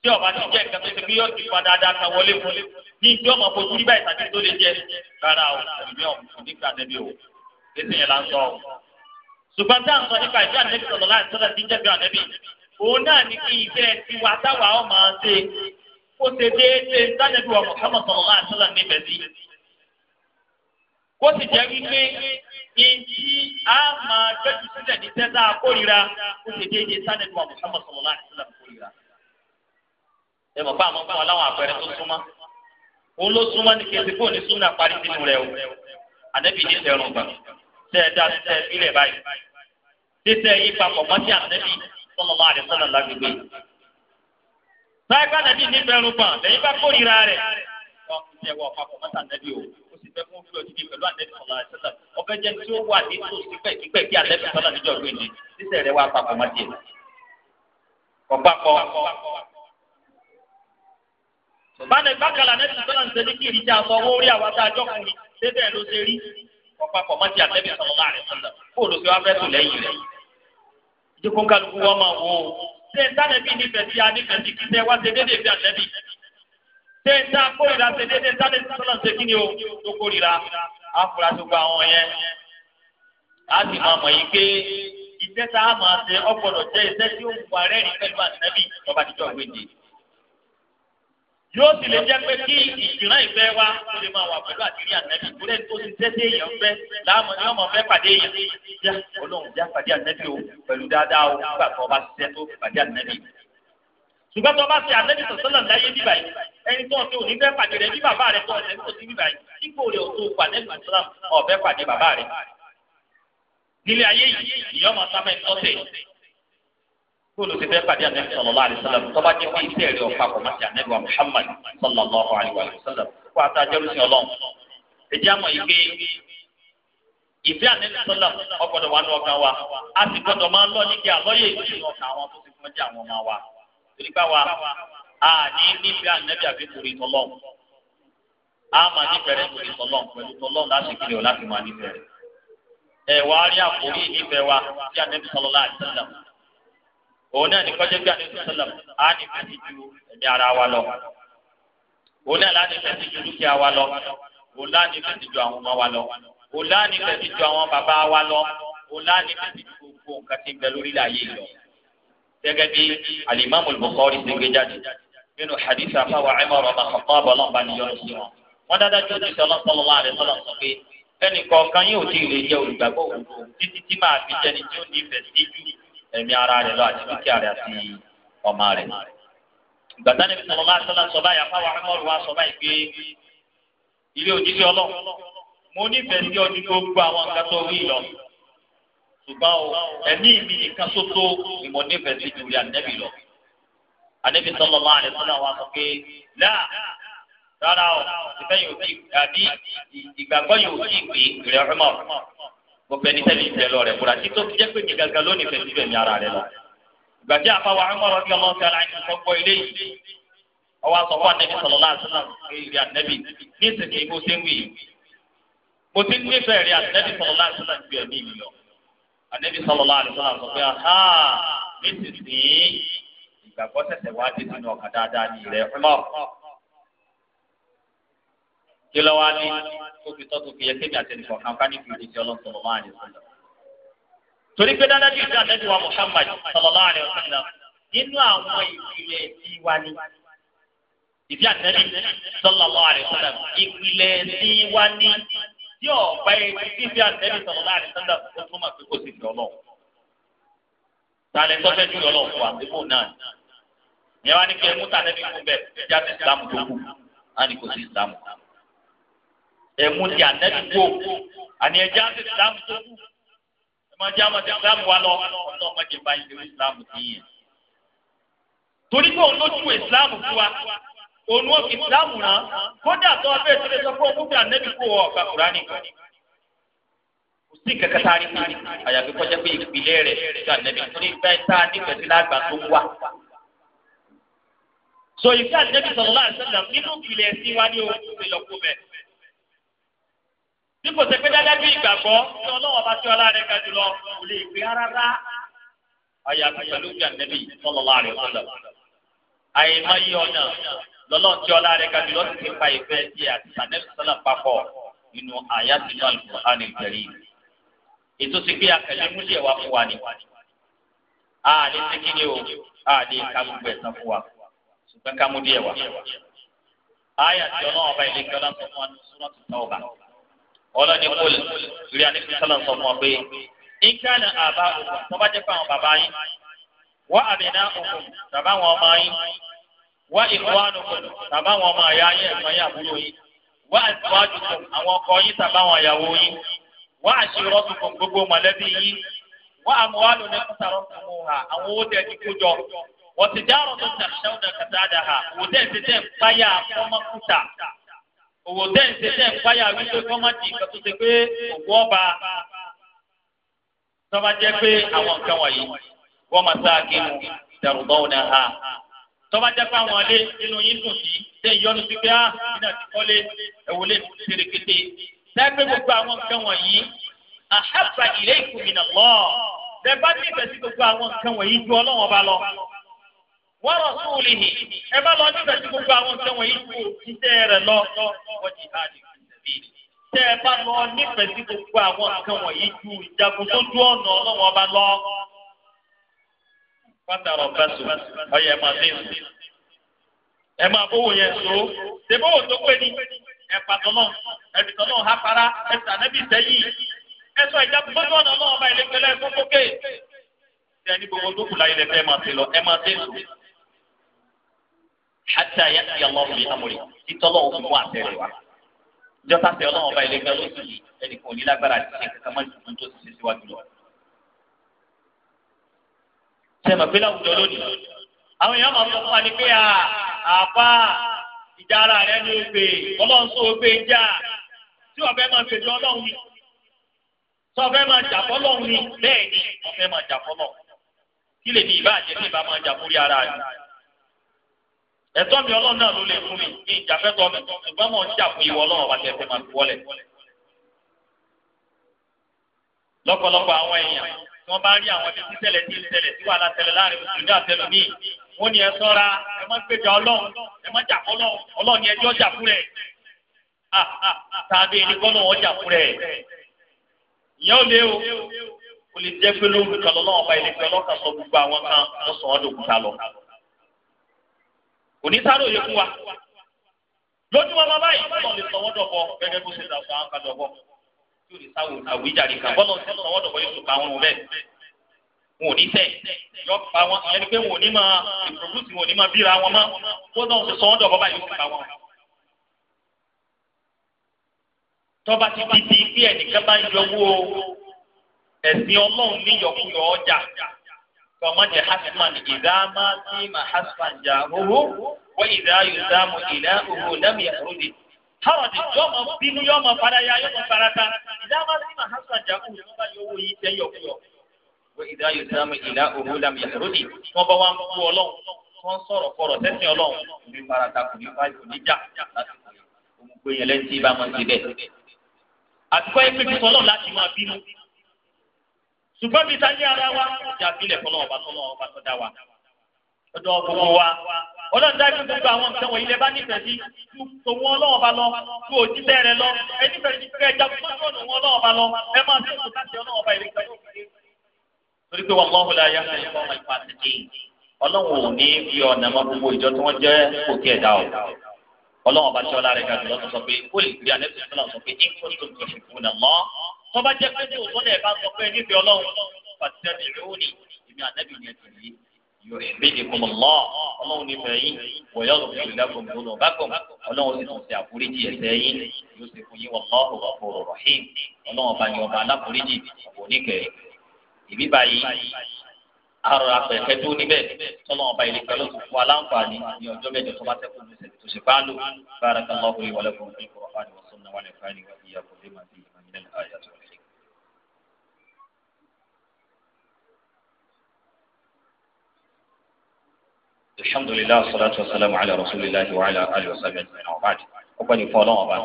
tí ọba ti jẹ́ nǹkan tó ti bí yóò ti fa dáadáa kan wọlé fún ní ìdí ọmọ fojú rí báyìí tàbí tó lè jẹ rárá o ìbí ọmọ nígbà àtẹ́bí o ètò yẹn là ń sọ o. ṣùgbọ́n tá à ń sọ nípa ìfẹ́ àtẹ́bí sọ̀rọ̀ láti sọ́dọ̀ tí ń bí àtẹ́bí òun náà ní kí ìfẹ́ tiwa táwa ọ̀ ṣe kó ṣe déédéé sálẹ̀ bí ọmọ kó sì jẹ́ wípé ìdí a máa jẹ́jú sílẹ̀ ní tẹ́tà kórìíra kó sì déédéé sánẹ́tì wa Muhammad sallallahu alaihi wasallam kórìíra. ẹ mọ̀ bá àwọn báwọn láwọn àpẹẹrẹ tó súnmọ́ òun ló súnmọ́ ní kété kó ní súnmọ́ parí sínú rẹ̀ o ànẹ́bí ní tẹ̀rùn gbà tẹ́ ẹ dá tẹ́ ẹ bílẹ̀ báyìí títẹ̀ yí papọ̀ mọ́ sí ànẹ́bí sallallahu alaihi wasallam lágbègbè. sáyẹ́ká ànẹ́bí ní tẹ̀rùn gbà lẹ́yìn bá kórìíra rẹ̀ bá kú sí ẹwà ọ̀pá kọ̀mọ́tà nẹ́bí o ó sì fẹ́ fún fúlọ̀ òjijì pẹ̀lú ànẹ́bí sọ̀lá àṣẹlẹ̀ ọ̀fẹ́ jẹ́ tí ó wà ní tòsí pẹ̀kípẹ̀ kí ànẹ́bí sọ̀lá níjọ́ gbé ni sísẹ̀ rẹ̀ wá papọ̀ má tiẹ̀. ọ̀pá kọ. báni bákàlà ànẹ́bí sọ̀lá ń sẹ́ni kí ìrìjà sọ owó rí àwọn adájọ́ kù ní débẹ̀ ló ṣe rí ọ̀pá kọ̀ má tiẹ̀ ànẹ́bí sọ̀lá rẹ̀ sọ̀lá bóòlù fi wá fẹ́ tò lẹ́yìn rẹ̀ ìjókòó kálukú wọn máa wò ó ṣé sánẹ́bí nífẹ̀ẹ́ sí adékàntì kí sẹ́ wá ṣe déédéé bí ànẹ́bí ṣé ń dá kórìíra ṣe déédé sáré sọ́nà ṣe kí ni o tó kórìíra àfúrà tó gba àwọn yẹn a sì máa mọ̀ yìí pé iṣẹ́ tá a máa ṣe ọgbọ́dọ̀ jẹ́ iṣẹ́ tí ó ń wà rẹ́rìn pẹ̀lú àtẹ́bí ìjọba àtijọ́ gbèdé yóò sì lè jẹ́ pé kí ìṣìnà ìfẹ́ wa ó lè máa wà pẹ̀lú àtìrí àtẹ́bí ìkúlẹ̀ tó ti ṣẹ́ sí èèyàn fẹ́ láàmú ni wọ́n mọ̀ fẹ́ pàdé èèyàn já ọlọ́run já pàdé àtẹ́bí o pẹ̀lú dáadáa o nígbà tó o ṣiṣẹ́ tó pàdé àtẹ́bí ṣùgbọ́n tó o bá ṣe ànábì sọ̀sọ́nà láyé bíbá yìí ẹni tó o ti òní fẹ́ pàdé rẹ bí bàbá rẹ tó o ṣe tó ti bíbá yìí dípò rẹ o tó o pàdé sọ̀sọ́nà ọ̀fẹ́ pàdé bàbá rẹ. nílé ayé yìí ìyọ́mọ sámẹ́ tọ́tẹ̀ kó ló ti fẹ́ pàdé ànábì sallallahu alaihi wasallam tó bá jẹ́ pé iṣẹ́ rẹ ọ̀pá kò má ti ànábì Muhammad sallallahu alaihi wasallam kó ata jẹ́rùsìn ọlọ́run ẹ̀jẹ̀ àmọ̀ yìí pé ìfẹ́ ànábì sọ́lá ọgbọ́dọ̀ wà ní ọkàn wa a sì gbọ́dọ̀ máa ń lọ nígbà lọ́yẹ̀ ìṣúná ọkàn àwọn tó ti fún ọjà àwọn ọmọ wa torí pé àwa a ní nífẹ̀ẹ́ ànábì àfi torí tọ́lọ́ a máa nífẹ̀ẹ́ rẹ̀ torí tọ́lọ́ pẹ̀lú tọ́lọ́ láti kiri ọ̀ láti máa nífẹ̀ẹ́ rẹ̀ ẹ̀ wá rí àkórí nífẹ̀ẹ́ wa tí ànábì sọlọ́lá àti sẹ́lẹ̀ òun náà ní kọjá bí ànábì sọlọ́lá á nífẹ̀ẹ́ sí ju ẹ̀mí ara wa lọ òun náà láti fẹ́ sí ju dúkìá wa lọ òun láti fẹ́ sí ju àwọn ọmọ wa lọ òun láti fẹ́ sí ju àwọn bàbá wa lọ òun láti fẹ́ sí ju gbogbo nǹkan tí bẹ lórílẹ̀ ayé lọ gẹ́gẹ́ bí alimami Bukhari ti gbé jáde nínú hadith afáwa ẹmọrọ ọmọ Khattab ọlọmọba níyọrọ sí wọn wọn dáadáa ju ojúṣe ọlọmọlọmọ àrẹ sọlọ sọ pé ẹnì kọ̀ọ̀kan yóò tí ì lè jẹ olùgbàgbọ́ òwúrò títí tí máa fi jẹni tí ó nífẹ̀ẹ́ sí jù ẹ̀mí ara rẹ̀ lọ àti dúkìá rẹ̀ àti ọmọ rẹ̀. gbàtà níbi sọlọ máa sọlá sọ báyìí afáwa ẹmọrọ wa sọ báyìí pé ilé ojúṣe ọlọ mo nífẹ̀ẹ́ sí ọdún tó gbọ́ àwọn nǹkan tó rí lọ ṣùgbọ́n o ẹ̀mí mi nìkan ṣoṣo ni mo nífẹ̀ẹ́ sí ju rí ànẹ́bí lọ. ànẹ́bí sọ́lọ́ máa lè fún àwọn aṣọ pé láà rárá o ìfẹ́ yóò ti àbí ìgbàgbọ́ yóò ti pè rẹ̀ ọ̀rẹ́mọ̀ gbogbo ẹni tẹ́lẹ̀ ìfẹ́ lọ rẹ̀ fúra títí ó fi jẹ́ pé mi gàgà lónìí fẹ́ síbẹ̀ ní ara rẹ̀ lọ. ìgbà tí àfáwà ọmọ rẹ̀ bí ọmọ ọ̀sẹ̀ aláìsí sọ gbọ́ ilé yìí ọwọ́ aṣọ fún ànẹ́bí sọ̀rọ̀ láti náà pé ìrẹ́ ànẹ́bí ní ìsìnkú mo ti ń wì mo ti ń nífẹ̀ẹ́ rẹ̀ ànẹ́bí sọ̀rọ̀ láti náà ju ẹ̀mí mi lọ ànábì sallallahu alaihi wasallam sọ pé ha nísinsìnyí ìgbàgbọ́ tẹ̀sẹ̀ wá dé sínú ọkàn dáadáa ní ìrẹ́ ọmọ. kí ló wá ní tó fi tọ́ tó fi yẹ kémi àtẹnìkọ̀ kan ká níbi ìdíje ọlọ́run sallallahu alaihi wasallam. torí pé dáadáa yìí dáa lẹ́nu wa Muhammad sallallahu alaihi wasallam nínú àwọn ìpìlẹ̀ tí wá ní. ìdí àtẹ́lẹ̀ sallallahu alaihi wasallam ìpìlẹ̀ tí wá ní tí ọ̀bá ẹni tí fi àtẹ́bí sọ̀rọ̀ láàrin sọ́dọ̀ tó túmọ̀ pé kò sì fi ọlọ́ tàlẹ́ tọ́fẹ́ ju ọlọ́ fún àdébò náà yẹn wá ní kí ẹ mú tàlẹ́bí fún bẹ́ẹ̀ ẹjá ti ìsìlámù tó kù á ní kò sí ìsìlámù ẹ mú ti àtẹ́bí kú àní ẹjá ti ìsìlámù tó kù ẹ máa ti ìsìlámù wa lọ ọ̀nà ọmọdé báyìí lórí ìsìlámù òun wọn kì í kódà tó ọbẹ̀ tó lè sọ pé òkúta nẹ́bí kó wọ ọ̀gá kúránì kò sí kẹ̀kẹ́ tá a rí pé àyàfi kọjá pé ìpìlẹ̀ rẹ̀ nẹ́bí tá a nífẹ̀ẹ́ sí lágbà tó wà so ìfẹ́ àtẹ́bí sọ̀rọ̀lá àṣẹlẹ̀ nínú ìpìlẹ̀ sí wa ní oṣù tó yọ kó bẹ̀. bí kò lọ́lọ́run tí ọlá rẹ̀ gàdú lọ́sì ti pa ìfẹ́ tí àti sànẹ́lì sọ́lá papọ̀ nínú àyà tí wọ́n lù á ní ìtẹ̀rí. ètò ti gbé akẹ́lẹ́ múlẹ̀ wá fún wa ni. a lè kí ni o a lè gbogbo ẹ̀ tán fún wa ṣùgbọ́n ká mú díẹ̀ wá. àyà tí ọlọ́run ọba ilé kí ọlọ́run fún wa ní súnmọ́ tó tọ́ ọba. ọlọ́ni kúl rí anífi sọ́lá sọ fún ọ pé ìkànnì àbá òkun tó bá jẹ́ wá ìfọwọ́nùkùn tàbá àwọn ọmọ àyà yín ẹ̀gbọ́n yín àbúrò yín wá àtìwájùkùn àwọn ọkọ yín tàbá àwọn àyàwó yín wá àṣírọ́tùkùn gbogbo mọ̀lẹ́bí yín wá àmúwálò ní kútàrọ́tùmù hà àwọn owó tẹ̀ ti kójọ wọ́n ti dárò tó tàṣẹ́wò náà kàtàdà hà owó tẹ̀ ti tẹ̀ ń páyà fọ́mọ́kúta owó tẹ̀ ti tẹ̀ ń páyà wípé fọ́mọ́tì tọ́ba jẹ́ pé àwọn alẹ́ inú yín dùn sí tẹ̀ yọnu sí pé á ah, iná ti kọ́lé ẹ̀wò lè tẹ̀rẹ̀kẹ́tẹ̀ sẹ́gbẹ́ gbogbo àwọn nǹkan wọ̀nyí àhábà ilé ìkùnmínà lọ́ bẹ́ẹ̀ bá ní ìfẹ́ sí gbogbo àwọn nǹkan wọ̀nyí ju ọlọ́wọ́n bá lọ. wọ́n rọ̀ sún olè ní ẹ bá lọ nífẹ̀ẹ́ sí gbogbo àwọn nǹkan wọ̀nyí ju iṣẹ́ rẹ̀ lọ wọ́jì áàdì tẹ́ ẹ bá lọ nífẹ̀ẹ́ sí bá lọ pátárọ̀ bẹ́sù ọ̀yẹ̀ máa fi sùn. ẹ máa bówó yẹn so ṣèbówó tó pé ní ẹ pàtó náà ẹ̀bìtàn náà há para ẹ sànẹ́bì sẹ́yìn ẹ sọ ìjà gbọ́dọ̀ ọ̀nà náà ọba ìlẹ́gbẹ̀lẹ́ fún kókè. ṣé ẹni gbogbo tó kù láyé lẹ́fẹ́ ẹ máa fi lọ ẹ máa fi sùn. hatta ya'ti Allahu bi amri títọ́lọ́ òfin mú àtẹ̀rẹ̀ wa ìjọba tẹ ọlọ́run ọba ìlẹ́gbẹ̀lẹ́ lọ́sùn yìí ẹnì kan ò ní lágbára àti ṣe sẹ́mọ̀ pé láwùjọ lónìí àwọn èèyàn máa ń fọ́n wa pé àbá ìjà ara rẹ ní ògbè ọlọ́run sọ ògbè ìjà tí wọ́n máa fèjì ọlọ́run ni tí wọ́n fẹ́ máa jà fọ́lọ́run ni bẹ́ẹ̀ ni wọ́n fẹ́ máa jà fọ́lọ́run kí lè ní ìbá àjẹ́ tí ìbá máa jà fúri ara rẹ ẹ̀tọ́ mi ọlọ́run náà ló lè fún mi ní ìjàfẹ́tọ́ mi ṣùgbọ́n mò ń jà fún ìwọ ọlọ́run ọba tẹ̀sẹ̀ máa lọ́pọ̀lọpọ̀ àwọn èèyàn wọ́n bá rí àwọn ibi títẹ̀lẹ̀ tí ń tẹ̀lẹ̀ tí wàhálà tẹ̀lẹ̀ láàrin mùsùlùmí àtẹlù míì wọ́n ní ẹ sọ́ra ẹ má gbèjà ọlọ́run ẹ má jà fọlọ́ ọlọ́run ni ẹjọ́ jà fún rẹ̀ tàbí ẹni kọ́ lọ́wọ́ jà fún rẹ̀ ìyá ò lé o kò lè jẹ́ pé lóru kan lọ́wọ́ ọba ìlẹ̀kẹ́ ọlọ́kan sọ gbogbo àwọn kan ló sọ ọ́dọ̀ òkúta lọ. òní sáré òye fún wa lójúmọ́ bàbá yìí yóò kan bọ́lá ọ̀sẹ̀ lọ́wọ́ dọ̀bọ̀ yóò pa wọn bẹ́ẹ̀ wọn ò ní tẹ̀ yọ pa wọn ẹni pé wọn ò ní máa ìpòlùsì wọn ò ní máa bíra wọn mọ́ bọ́lá ọ̀sẹ̀ sọ wọn yóò pa wọn. tọ́ba ti di ti pé ẹnìkan bá ń yọwọ́ ẹ̀sìn ọlọ́run ní ọjà tọmọdé hasimani ìdáàmá sí mahasfanja owó wọ ìdáàyò dáàmú ìdáàmú lẹ́mìí tọrọdì yóò mọ bínú yóò mọ faraya yóò mọ farata ìdáàbà sí ma hasan jago yóò bá yọwọ yìí tẹ yọkuyọ. wọ́n ìdá yóò sá mi ìlà òhun lam yàtọ̀rọ̀dì wọ́n bá wà ń kú ọlọ́run wọ́n sọ̀rọ̀ kọ̀rọ̀ tẹ́sí ọlọ́run kò ní farata kò ní fa kò ní jà láti kò yọ. òun gbé yẹn lẹ́sí bá máa ń ṣe bẹ́ẹ̀. yẹn pé bísọ̀ ọlọ́run láti máa bínú. ṣùgbọ́n mi ọ̀dọ̀ ọ̀gbọ̀n wa ọlọ́run dájú gbogbo àwọn nǹkan wọ̀nyí lẹ bá nífẹ̀ẹ́ sí tòun ọlọ́run bá lọ tó òjíṣẹ́ rẹ lọ ẹ nífẹ̀ẹ́ sí kẹ́ ẹ jagun mọ́tò òun ọlọ́run bá lọ ẹ máa fi òkú láti ọlọ́run bá ìrìnkà yóò fi torí pé wàhálà ọ̀hún láyé àti ẹ̀kọ́ ọmọ ìfà àti kéyìn ọlọ́run ò ní fi ọ̀nà mọ́ gbogbo ìjọ tí wọ́n jẹ́ òkè ẹ̀dá o ọlọ́run bá tí ọlá rẹ̀ gàdúrà tó sọ pé ó lè gbé alẹ́ ni yuhibbukum Allah ọlọ́run nífẹ̀ẹ́ yín wọ̀yọ́ lọ́kùnrin lẹ́kùn tó lọ bákan ọlọ́run sì tún ṣe àforíjì ẹ̀ṣẹ̀ yín yóò sì fún yín wallahu ghafurur rahim ọlọ́run ọba yín ọba aláforíjì ọ̀pọ̀ oníkẹ́ ìbí báyìí àrò apẹ̀kẹ́ tó níbẹ̀ tọ́lọ́ ọba ilé pẹ̀lú fún aláǹfààní ní ọjọ́ mẹ́jọ tó bá tẹ́kùn ní sẹ́ni tó ṣe bá lò bárakà lọ́kùnrin wọlé fún mi الحمد لله والصلاة والسلام على رسول الله وعلى آله وصحبه أجمعين وبعد أقول يقول الله بعد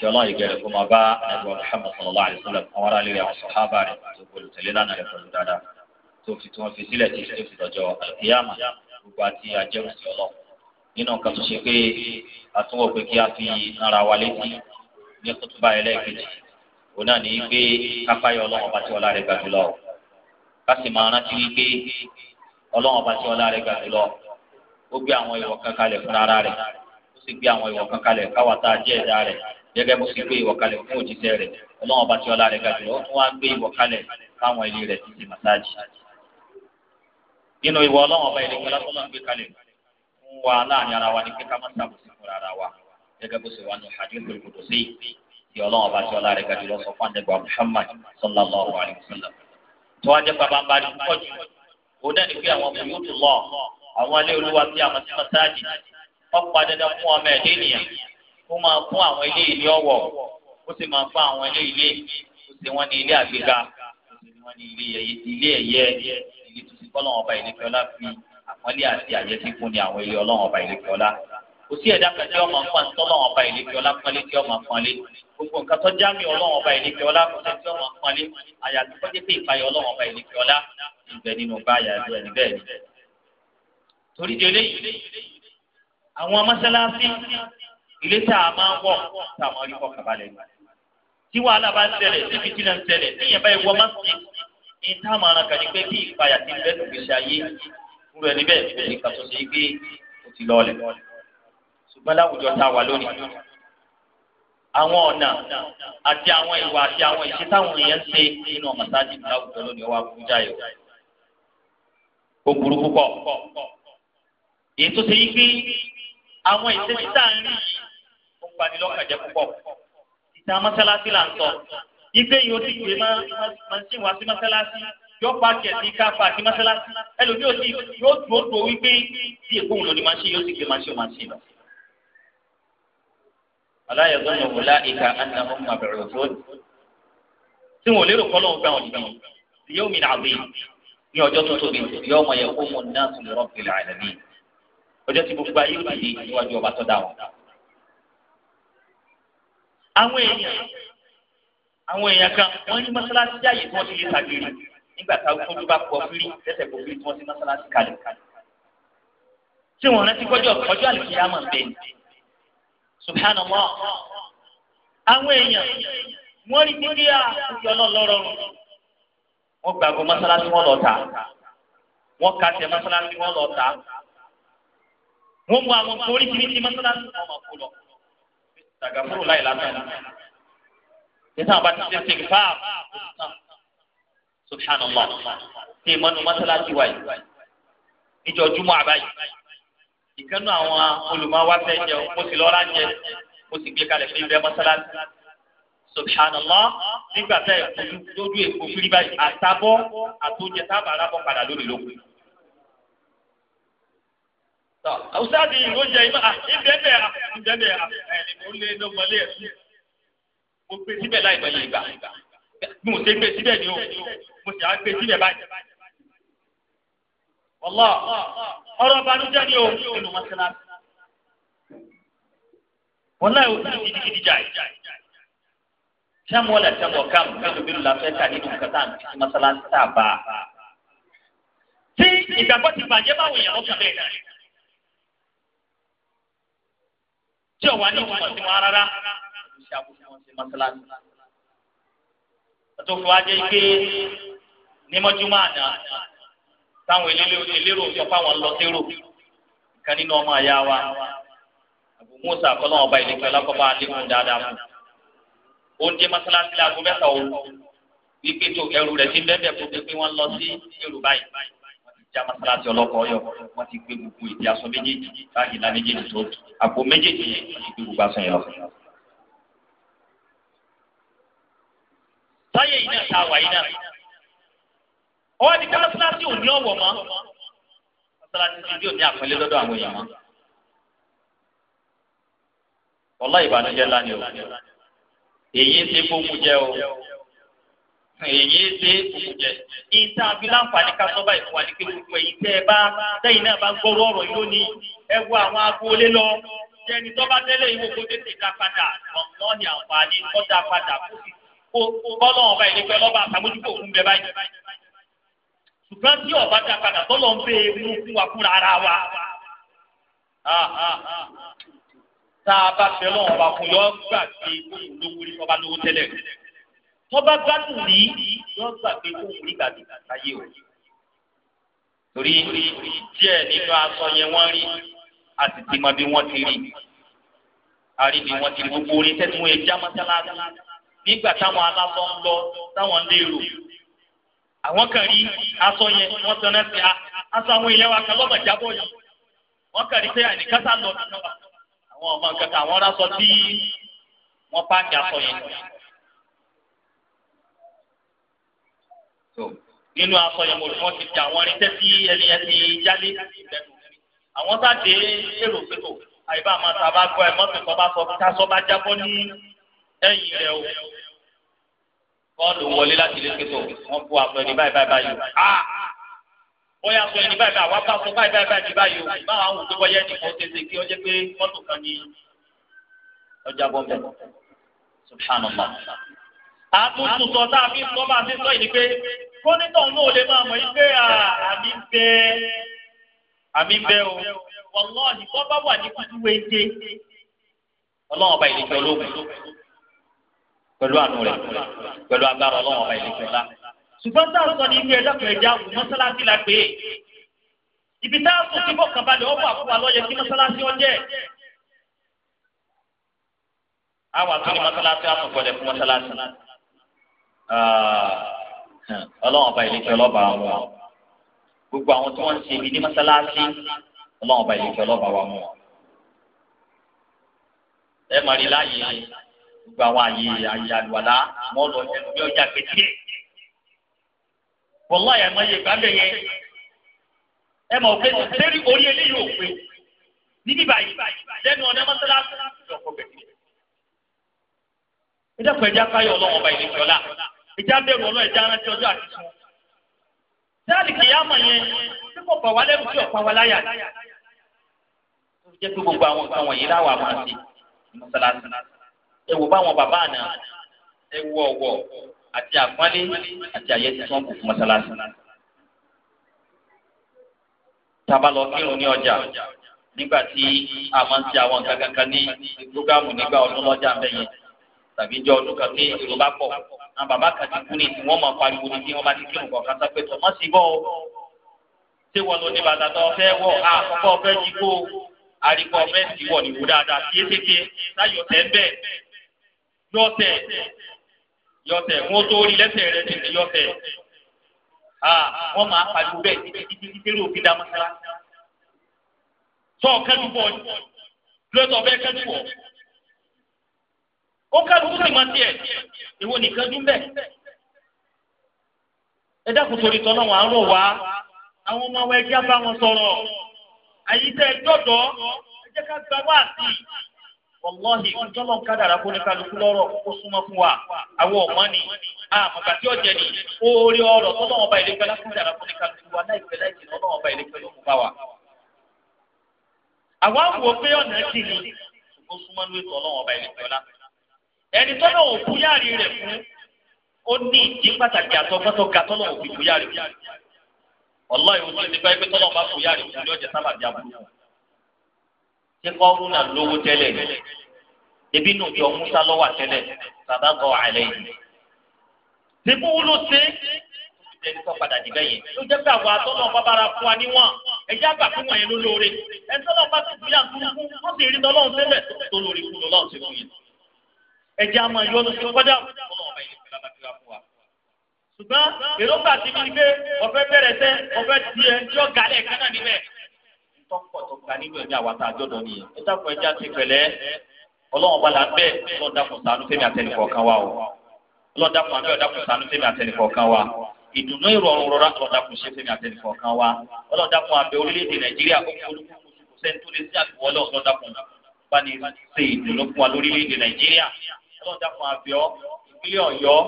جل يقول كما باء نبي محمد صلى الله عليه وسلم أمر لي والصحابة تقول تلنا يقول دادا توفي توفي سلتي توفي رجوع القيامة وباتي أجمع الله nínú nǹkan tó بكي pé àtúnwò والدي kí a fi ara wa الله ní kútúbà ẹlẹ́ẹ̀kejì òun náà معنا pé الله ọlọ́run ọba tí ọlá ó gbé àwọn ìwọ kan kalẹ̀ fún ara rẹ̀ ó sì gbé àwọn ìwọ kan kalẹ̀ káwa tá a jẹ́ ẹ̀dá rẹ̀ gẹ́gẹ́ bó sì gbé ìwọ kalẹ̀ fún òjíṣẹ́ rẹ̀ ọlọ́run ọba tí ọlá rẹ̀ ga jùlọ ó tún wá gbé ìwọ kalẹ̀ fáwọn ilé rẹ̀ títí màsáàjì. nínú ìwọ ọlọ́run ọba ìlẹ̀kọ́ lásán gbé kalẹ̀ fún wa láàrin ara wa ní pé ká má sàbòsí fún ara wa gẹ́gẹ́ bó sì wà ní hadithul qudusi tí ọlọ́run ọba tí ọlá rẹ̀ ga jùlọ sọ fún ó dẹ́ni pé àwọn mùsùlùmí lọ àwọn ilé olúwa bíi àwọn tí wọ́n sáàjì ọ̀pá dandan fún ọmọ ẹ̀dẹ́ ènìyàn kó máa fún àwọn ilé ìní ọ̀wọ̀ ó sì máa fún àwọn ilé ilé ó sì wọ́n ní ilé àgbéga ó sì wọ́n ní ilé ẹ̀yẹ ilé tuntun kọ́lọ́ ọba ìlẹ́kẹ́ ọlá fi àpọ́nlé àti àyẹ́sí fún ni àwọn ilé ọlọ́run ọba ìlẹ́kẹ́ ọlá kò sí ẹ̀dá kan tí ọmọ nǹkan tó lọ́wọ́ ọba ìlẹ́kẹ́ ọlá pọ́nlé tí ọmọ pọ́nlé gbogbo nǹkan tó jámì ọlọ́run ọba ìlẹ́kẹ́ ọlá kò sí tí ọmọ pọ́nlé àyàtúkọ́jẹ́ pé ìpayọ̀ ọlọ́run ọba ìlẹ́kẹ́ ọlá ìbẹ̀ nínú bá àyàtú ẹni torí délé àwọn mọ́sálásí ilé tá a máa ń wọ̀ tá a máa rí kọ́kà balẹ̀ gbà. tí wàhálà bá ń ṣẹlẹ̀ tí fìtínà ń ṣẹlẹ̀ níyẹn báyìí wọ́n máa ń sìn ní táwọn ará kan ní pé kí ìpayà ti ń bẹ́ẹ̀ lògbèsè ayé fúru ẹni bẹ́ẹ̀ bẹ́ẹ̀ nìkan tó ṣe é gbé kò ti lọ́ọ̀lẹ̀. ṣùgbọ́n láwùjọ tá a wà lónìí àwọn ọ̀nà àti àwọn ìwà àti àwọn ìṣe táwọn èèyàn ń ṣe nínú ọmọ sáájì láwùjọ lónìí ọwọ́ èyí tó ṣe yí pé àwọn ìṣesí tá à ń rí yìí ó ń pani lọ́kàn jẹ́ púpọ̀ ìta mọ́sálásí là ń sọ igbe yìí ó ti gbé mọ́sìn wá sí mọ́sálásí yóò paaki ẹ̀sìn ká paaki mọ́sálásí ẹlòmí ò sí yóò dúró dúró wípé tí èkó ń lò ní machine yóò sì gbé machine machine lọ. aláyọ̀dọ́ ní òwúlá ìka àná ọmọ àbẹ̀rẹ̀ òfurufú tí wọn ò lérò kọ́ lóun gbàwọ̀n ọjọ́ tí gbogbo ayé òdì di níwájú ọba tó dá wọn. àwọn èèyàn àwọn èèyàn kan wọ́n ní mọ́sálásí tí wọ́n ti lè ṣàgbèrè nígbà táwọn tó bá pọ̀ fírí lẹ́sẹ̀ kò fírí tí wọ́n ti mọ́sálásí kalẹ̀. tí wọ́n rántí kọjọ́ ọjọ́ bẹ́ẹ̀ àwọn èèyàn wọ́n rí dídí lọ́rọ̀rùn wọ́n gbàgbọ́ wọ́n mú àwọn nǹkan oríṣiríṣi mọ́sálásí wọn máa kó lọ. sàgàfúrò láì lásán nígbà bá ti ṣe ṣègbè fáà subhanallah ṣe ìmọ̀nù mọ́sálásí wa yìí níjọ júmọ́ àbáyé ìkànnù àwọn olùmọ̀wá fẹ́ jẹ mo sì lọ́ra jẹ mo sì gbé kalẹ̀ fún ibẹ̀ mọ́sálásí subhanallah nígbà tá ẹ̀ kojú lójú èkó fúrí báyìí àtàbọ̀ àtúnjẹ tábà arábọ̀ padà lórí lókun àwùjọ àti ìlú oúnjẹ yìí máa ìbẹ́bẹ̀ ìbẹ́bẹ̀ ẹni mo lé lọ́mọlé ẹ̀ mo gbé síbẹ̀ láì mọ̀ yìí gbà bí mo ṣe gbé síbẹ̀ ni o mo sì á gbé síbẹ̀ báyìí. Wọ́lá ọ̀rọ̀ ìbànújẹ́ ni o nínú mọ́ṣáláṣí. Wọ́lá ìwé ti di gidigidi jà yìí. Sẹ́mu wọlé sẹ́mu ọ̀ká mu mélòó mélòó la fẹ́ ta nínú nǹkan tá à ń fi mọ́ṣáláṣí tá a bá a. Tí ìgbàgbọ́ ti bàjẹ́ báwo yẹn lọ́kàn bẹ́ẹ̀ náà. tí ọ̀wá ní ìtumọ̀ sí wọn rárá ṣe àkóso wọn sí mọ́sálásí. ọtún fún wa jẹ́ pé ní mọ́júmọ́ àná táwọn elérò sọ fáwọn lọ kan nínú ọmọ àyà wa àbú Musa kọ́ náà ọba ìlú pẹ̀lú akọ́bá alẹ́kùn dáadáa fún un. ó ń dé mọ́sálásí láago mẹ́ta òru wípé tó ẹrù rẹ̀ ti bẹ́ẹ̀ bẹ́ẹ̀ kó pé wọ́n lọ sí èrò báyìí já mọ́sálásí ọlọ́kọ̀ ọyọ wọ́n ti gbé gbogbo ìdí aṣọ méjèèjì báyìí lá méjèèjì tó àpò méjèèjì yẹn wọ́n ti gbé gbogbo aṣọ yẹn lọ. sáyé yìí náà tá a wà yìí náà ọwọ́ ti ká mọ́sálásí ò ní ọ̀wọ̀ mọ́ mọ́sálásí ti ò ní àpẹẹlẹ lọ́dọ̀ àwọn èèyàn mọ́. ọlá ìbànújẹ́ lá o èyí ń ṣe fóun jẹ́ o èyí ṣe òkú jẹ ìta abiláǹfààní ká sọ báyìí fún wa ní pé gbogbo ẹ̀yin tẹ́ ẹ bá tẹ̀yin náà bá gbọ́rọ̀ ọ̀rọ̀ yìí lónìí ẹ wo àwọn agboolé lọ jẹni tó bá tẹ́lẹ̀ ìwé kó tètè dá padà wọn ní àǹfààní kó dá padà kó bọ́lọ̀ ọba yìí pé lọ́ba àtàmójúkò fún bẹ báyìí ṣùgbọ́n tí ọba dá padà tọ́lọ̀ ń bẹ mú fún wa fúnra ara wa tá a bá fẹ́ lọ́wọ́ wa fún yọ gbàgbé kó lówó rí ọba tọ́ba gbádùn ní yóò gbàgbé kó wúrí gbàgbé láyé o. torí díẹ̀ nínú aṣọ yẹn wọ́n rí a sì bí wọ́n ti rí a rí bí ti rí gbogbo orin tẹ́tí wọn já mọ́sálásí nígbà táwọn aláṣọ ń lọ táwọn ń lérò àwọn kan rí aṣọ yẹn wọ́n sanná sí ah, aṣọ àwọn ilé wa kan lọ́mọ ìjábọ̀ yìí wọ́n kàn rí pé àìníkátà lọ sí náà àwọn ọmọ nǹkan àwọn aráṣọ tí wọ́n pàǹdà aṣọ yẹn nínú aṣọ yẹn mo rí wọn ti di àwọn irinṣẹ́ tí ẹni yẹn ti jálé ìbẹ̀rù àwọn sáde èrò pẹ̀tọ̀ oh, àyíbá máa ta bá gbọ́ ẹ mọ́tò kan bá sọ kásọ bá jábọ́ ní ẹ̀yìn rẹ̀ o bọ́ọ̀lù wọlé láti ilé pẹ̀tọ̀ wọ́n bu aṣọ ẹni báyìí báyìí báyìí o wọ́n yà sọ ẹni báyìí báyìí àwọn aṣọ báyìí báyìí báyìí báyìí o báwa ń wò pé wọ́n yẹ ẹni kan tètè kí ọjọ́ pé mọ́tò kan ní ọjà bọ́ọ̀lù subhanallah àtúntò tá a fi sọ bá a ti sọ yìí ni pé kọ́nítọ̀ náà lè máa mọ̀ yìí pé àmì ń bẹ àmì ń bẹ o wàlọ́ọ̀nì kọ́ bá wà ní kútu wéje ọlọ́run ọba ìlẹ́jọ́ ológun pẹ̀lú àánú rẹ̀ pẹ̀lú agbára ọlọ́run ọba ìlẹ́jọ́ ọlá. ṣùgbọ́n tá a sọ ní ibi ẹ̀dá pẹ̀lẹ́jà wù mọ́sálásí la pé ibi tá a sọ sí bọ́ọ̀kan balẹ̀ ọ̀bọ̀ àkúwà lọ́yẹ kí mọ́sálásí ọjẹ́ àwọn àtúnyẹ mọ́sálásí àtúnkọ́lẹ̀ fún mọ́sálásí Ah, ọlọ́run ọba ìlẹ́kẹ́ ọlọ́ba wọn gbogbo àwọn tí wọ́n ń ṣe ibi ní mọ́sálásí ọlọ́run ọba ìlẹ́kẹ́ ọlọ́ba wa mọ̀ ẹ mọ̀ rí láàyè gbogbo àwọn àyè àyè àlùwàlá mọ́ lọ ẹnu bí ọjà pété wọ́lá ẹ̀ mọ̀ iye gbàgbé yẹn ẹ mọ̀ pé sẹ́rí orí eléyìí ò pé níbí báyìí lẹ́nu ọ̀nà mọ́sálásí ìjọkọ̀ bẹ̀rẹ̀ ìjọkọ̀ ẹ̀jẹ̀ akáyọ̀ ọlọ́run ọba ìlẹ́kẹ́ ọlá ìjà bẹ̀rù ọlọ́ ìjà rántí ọjọ́ àti sùn. sáàlì kìyàmọ̀ yẹn tí kò bọ̀ wá lẹ́rù tí ọ̀pá wa láyà. ó jẹ́ pé gbogbo àwọn nǹkan wọ̀nyí láwà máa ṣe mọ́sálásí. ẹ wò báwọn bàbá àná ẹ wọ ọ̀wọ̀ àti àpọ́nlé àti àyẹ́ tí wọ́n kù fún mọ́sálásí. tábà lọ kírun ní ọjà nígbà tí a máa ń ṣe àwọn nǹkan kankan ní gbógáàmù nígbà ọdún lọ́jà mẹ́yìn tàbí jọ ọdún kan tí èrò pọ̀ àwọn bàbá kan ti kú ní ìsìn wọn máa pariwo ní bí wọn bá ti kí nǹkan kan sápẹ́ tó mọ́ sí bọ́ ọ. ṣé wọn ló ní bàtà tó fẹ́ wọ̀ àkọ́kọ́ fẹ́ jí kó àríkọ́ fẹ́ sí wọ̀ níwò dáadáa kí éṣèké láyọ̀ tẹ́ bẹ́ẹ̀ yọ̀tẹ̀ yọ̀tẹ̀ wọn tó rí lẹ́sẹ̀ rẹ ti ní yọ̀tẹ̀ wọn máa pariwo bẹ́ẹ̀ títí títí títí ló fi sọ kẹ́dùbọ̀ lóòótọ́ bẹ́ẹ̀ kẹ́dùbọ̀ ó kálukú sì ma tiẹ̀ ìwọ nìkan jú bẹ́ẹ̀. ẹ dákun torí tọ́ náà wà á rọ̀ wá àwọn ọmọ wa ẹjẹ́ bá wọn sọ̀rọ̀ àyíṣẹ́ ẹjọ́dọ̀ ẹjẹ́ ká gba wá sí i. kádàrá kó ní kálukú lọ́rọ̀ súnmọ́ fún wa àwọn ni tí wa láìpẹ́ láìpẹ́ ọba ló mú bá wa. àwa wò pé ọ̀nà ẹni tọ́lọ̀ òkú yáàrí rẹ̀ fún ó ní ìdí pàtàkì àtọ́gbọ́n tó ga tọ́lọ̀ òkú kú yáàrí fún ọlọ́ ìwọ tó ti bá ẹgbẹ́ tọ́lọ̀ bá kú yáàrí fún ní ọjà sábà bí aburú fún ṣé kọ́rù náà lówó tẹ́lẹ̀ ebi nù jọ musa lọ́wọ́ tẹ́lẹ̀ sàdágọ́ àlẹ́ yìí tìbú wúlò sí ẹni tó padà dìbẹ́ yẹn ló jẹ́ pé àwọn atọ́nà bàbára fún wa níwọ̀n ẹ̀jẹ̀ àgbà fún wọn yẹn ló lóore ẹ̀ńtọ́nà bá ti fi tó ẹ̀jẹ̀ àmọ́ ìyọnu sí kọ́dà ṣùgbọ́n èròǹgbà ti ní pé ọ̀fẹ́ bẹ̀rẹ̀ sẹ́ ọ̀fẹ́ tiẹ̀ tí ó ga lẹ̀ kánà níbẹ̀. tọ́pọ̀ tó ga nínú ẹ̀mí àwọn àtàjọ́dọ̀ nìyẹn ẹ dákun ẹja ti pẹ̀lẹ́ ọlọ́run bá la ń bẹ̀ ọlọ́run dákun ṣàánú fẹ́mi àtẹnìkọ̀ọ̀kan wa o ọlọ́run dákun àbẹ́ ọ̀dákun ṣàánú fẹ́mi àtẹnìkọ̀ọ̀kan wa ìdùnnú ìrọ̀rùn rọra ọlọ́run dákun ṣe fẹ́mi àtẹnìkọ̀ọ̀kan wa ọlọ́run dákun àbẹ́ orílẹ̀-èdè Nàìjíríà ó kúrú kó sẹ́ńtúrẹ́sì àti wọlé ọlọ́run dákun bá ní ṣe ìdùnnú fún wa lórílẹ̀-èdè Nàìjíríà ọlọ́dàpọ̀ àbíọ́ ìpínlẹ̀ ọ̀yọ́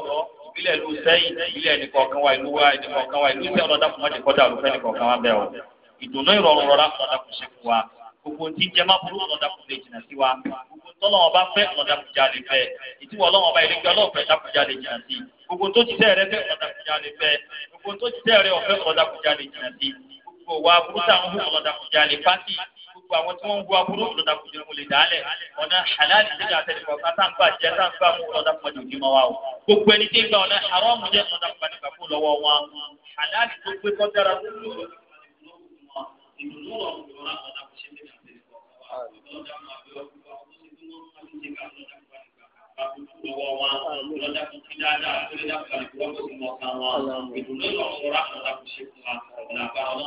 ìpínlẹ̀ ìlú sẹ́yìn ìpínlẹ̀ ẹnìkọ̀ọ̀kan wa ìlú wa ẹnìkọ̀ọ̀kan wa ìlú sẹ́yìn ọlọ́dàpọ̀ májè kọ́dà lófẹ́ ẹnìkọ̀ọ̀kan wa bẹ́ẹ̀ o ìdùnnú ìrọ̀rùn rọra ọlọ́dàpọ̀ ṣe fún wa gbogbo ti ń jẹ má burú ọlọ́dàpọ̀ lè jìnà sí wa gbogbo tọ́lọ́wọ́n bá fẹ́ ọlọ́dàpọ̀já lè fẹ́ ìtiwọ́ ọlọ́wọ́n bá ìrẹ́jọ́ ọlọ́ọ̀fẹ́ dàpọ̀já lè jìnà sí gbogbo tó ti sẹ́ẹ̀rẹ́ fẹ́ ọlọ́dàpọ̀já lè fẹ́ gbogbo tó ti sẹ́ẹ̀rẹ́ ọ̀fẹ́ gbogbo àwọn tí wọ́n ń bu aburú lọ́dà kùjọ mo lè dálẹ̀ ọ̀nà halali ṣẹ́jà àtẹnifọ̀ kátàǹgbà jẹ́ kátàǹgbà mú lọ́dà kùjọ ní ma wa o gbogbo ẹni tí ń gba ọ̀nà haramu jẹ́ lọ́dà kùjọ kó lọ́wọ́ wọn halali tó gbé kọ́ dára tó lò Ìdùnnú ìlọ̀rọ̀ rà ọ̀dà kò ṣe fún wa, ọ̀nà àbáwọn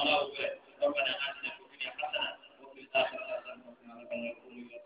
ọlọ́wọ́ rẹ̀, ọ̀gbọ́n náà ti dàgbò ní àkásánà. الله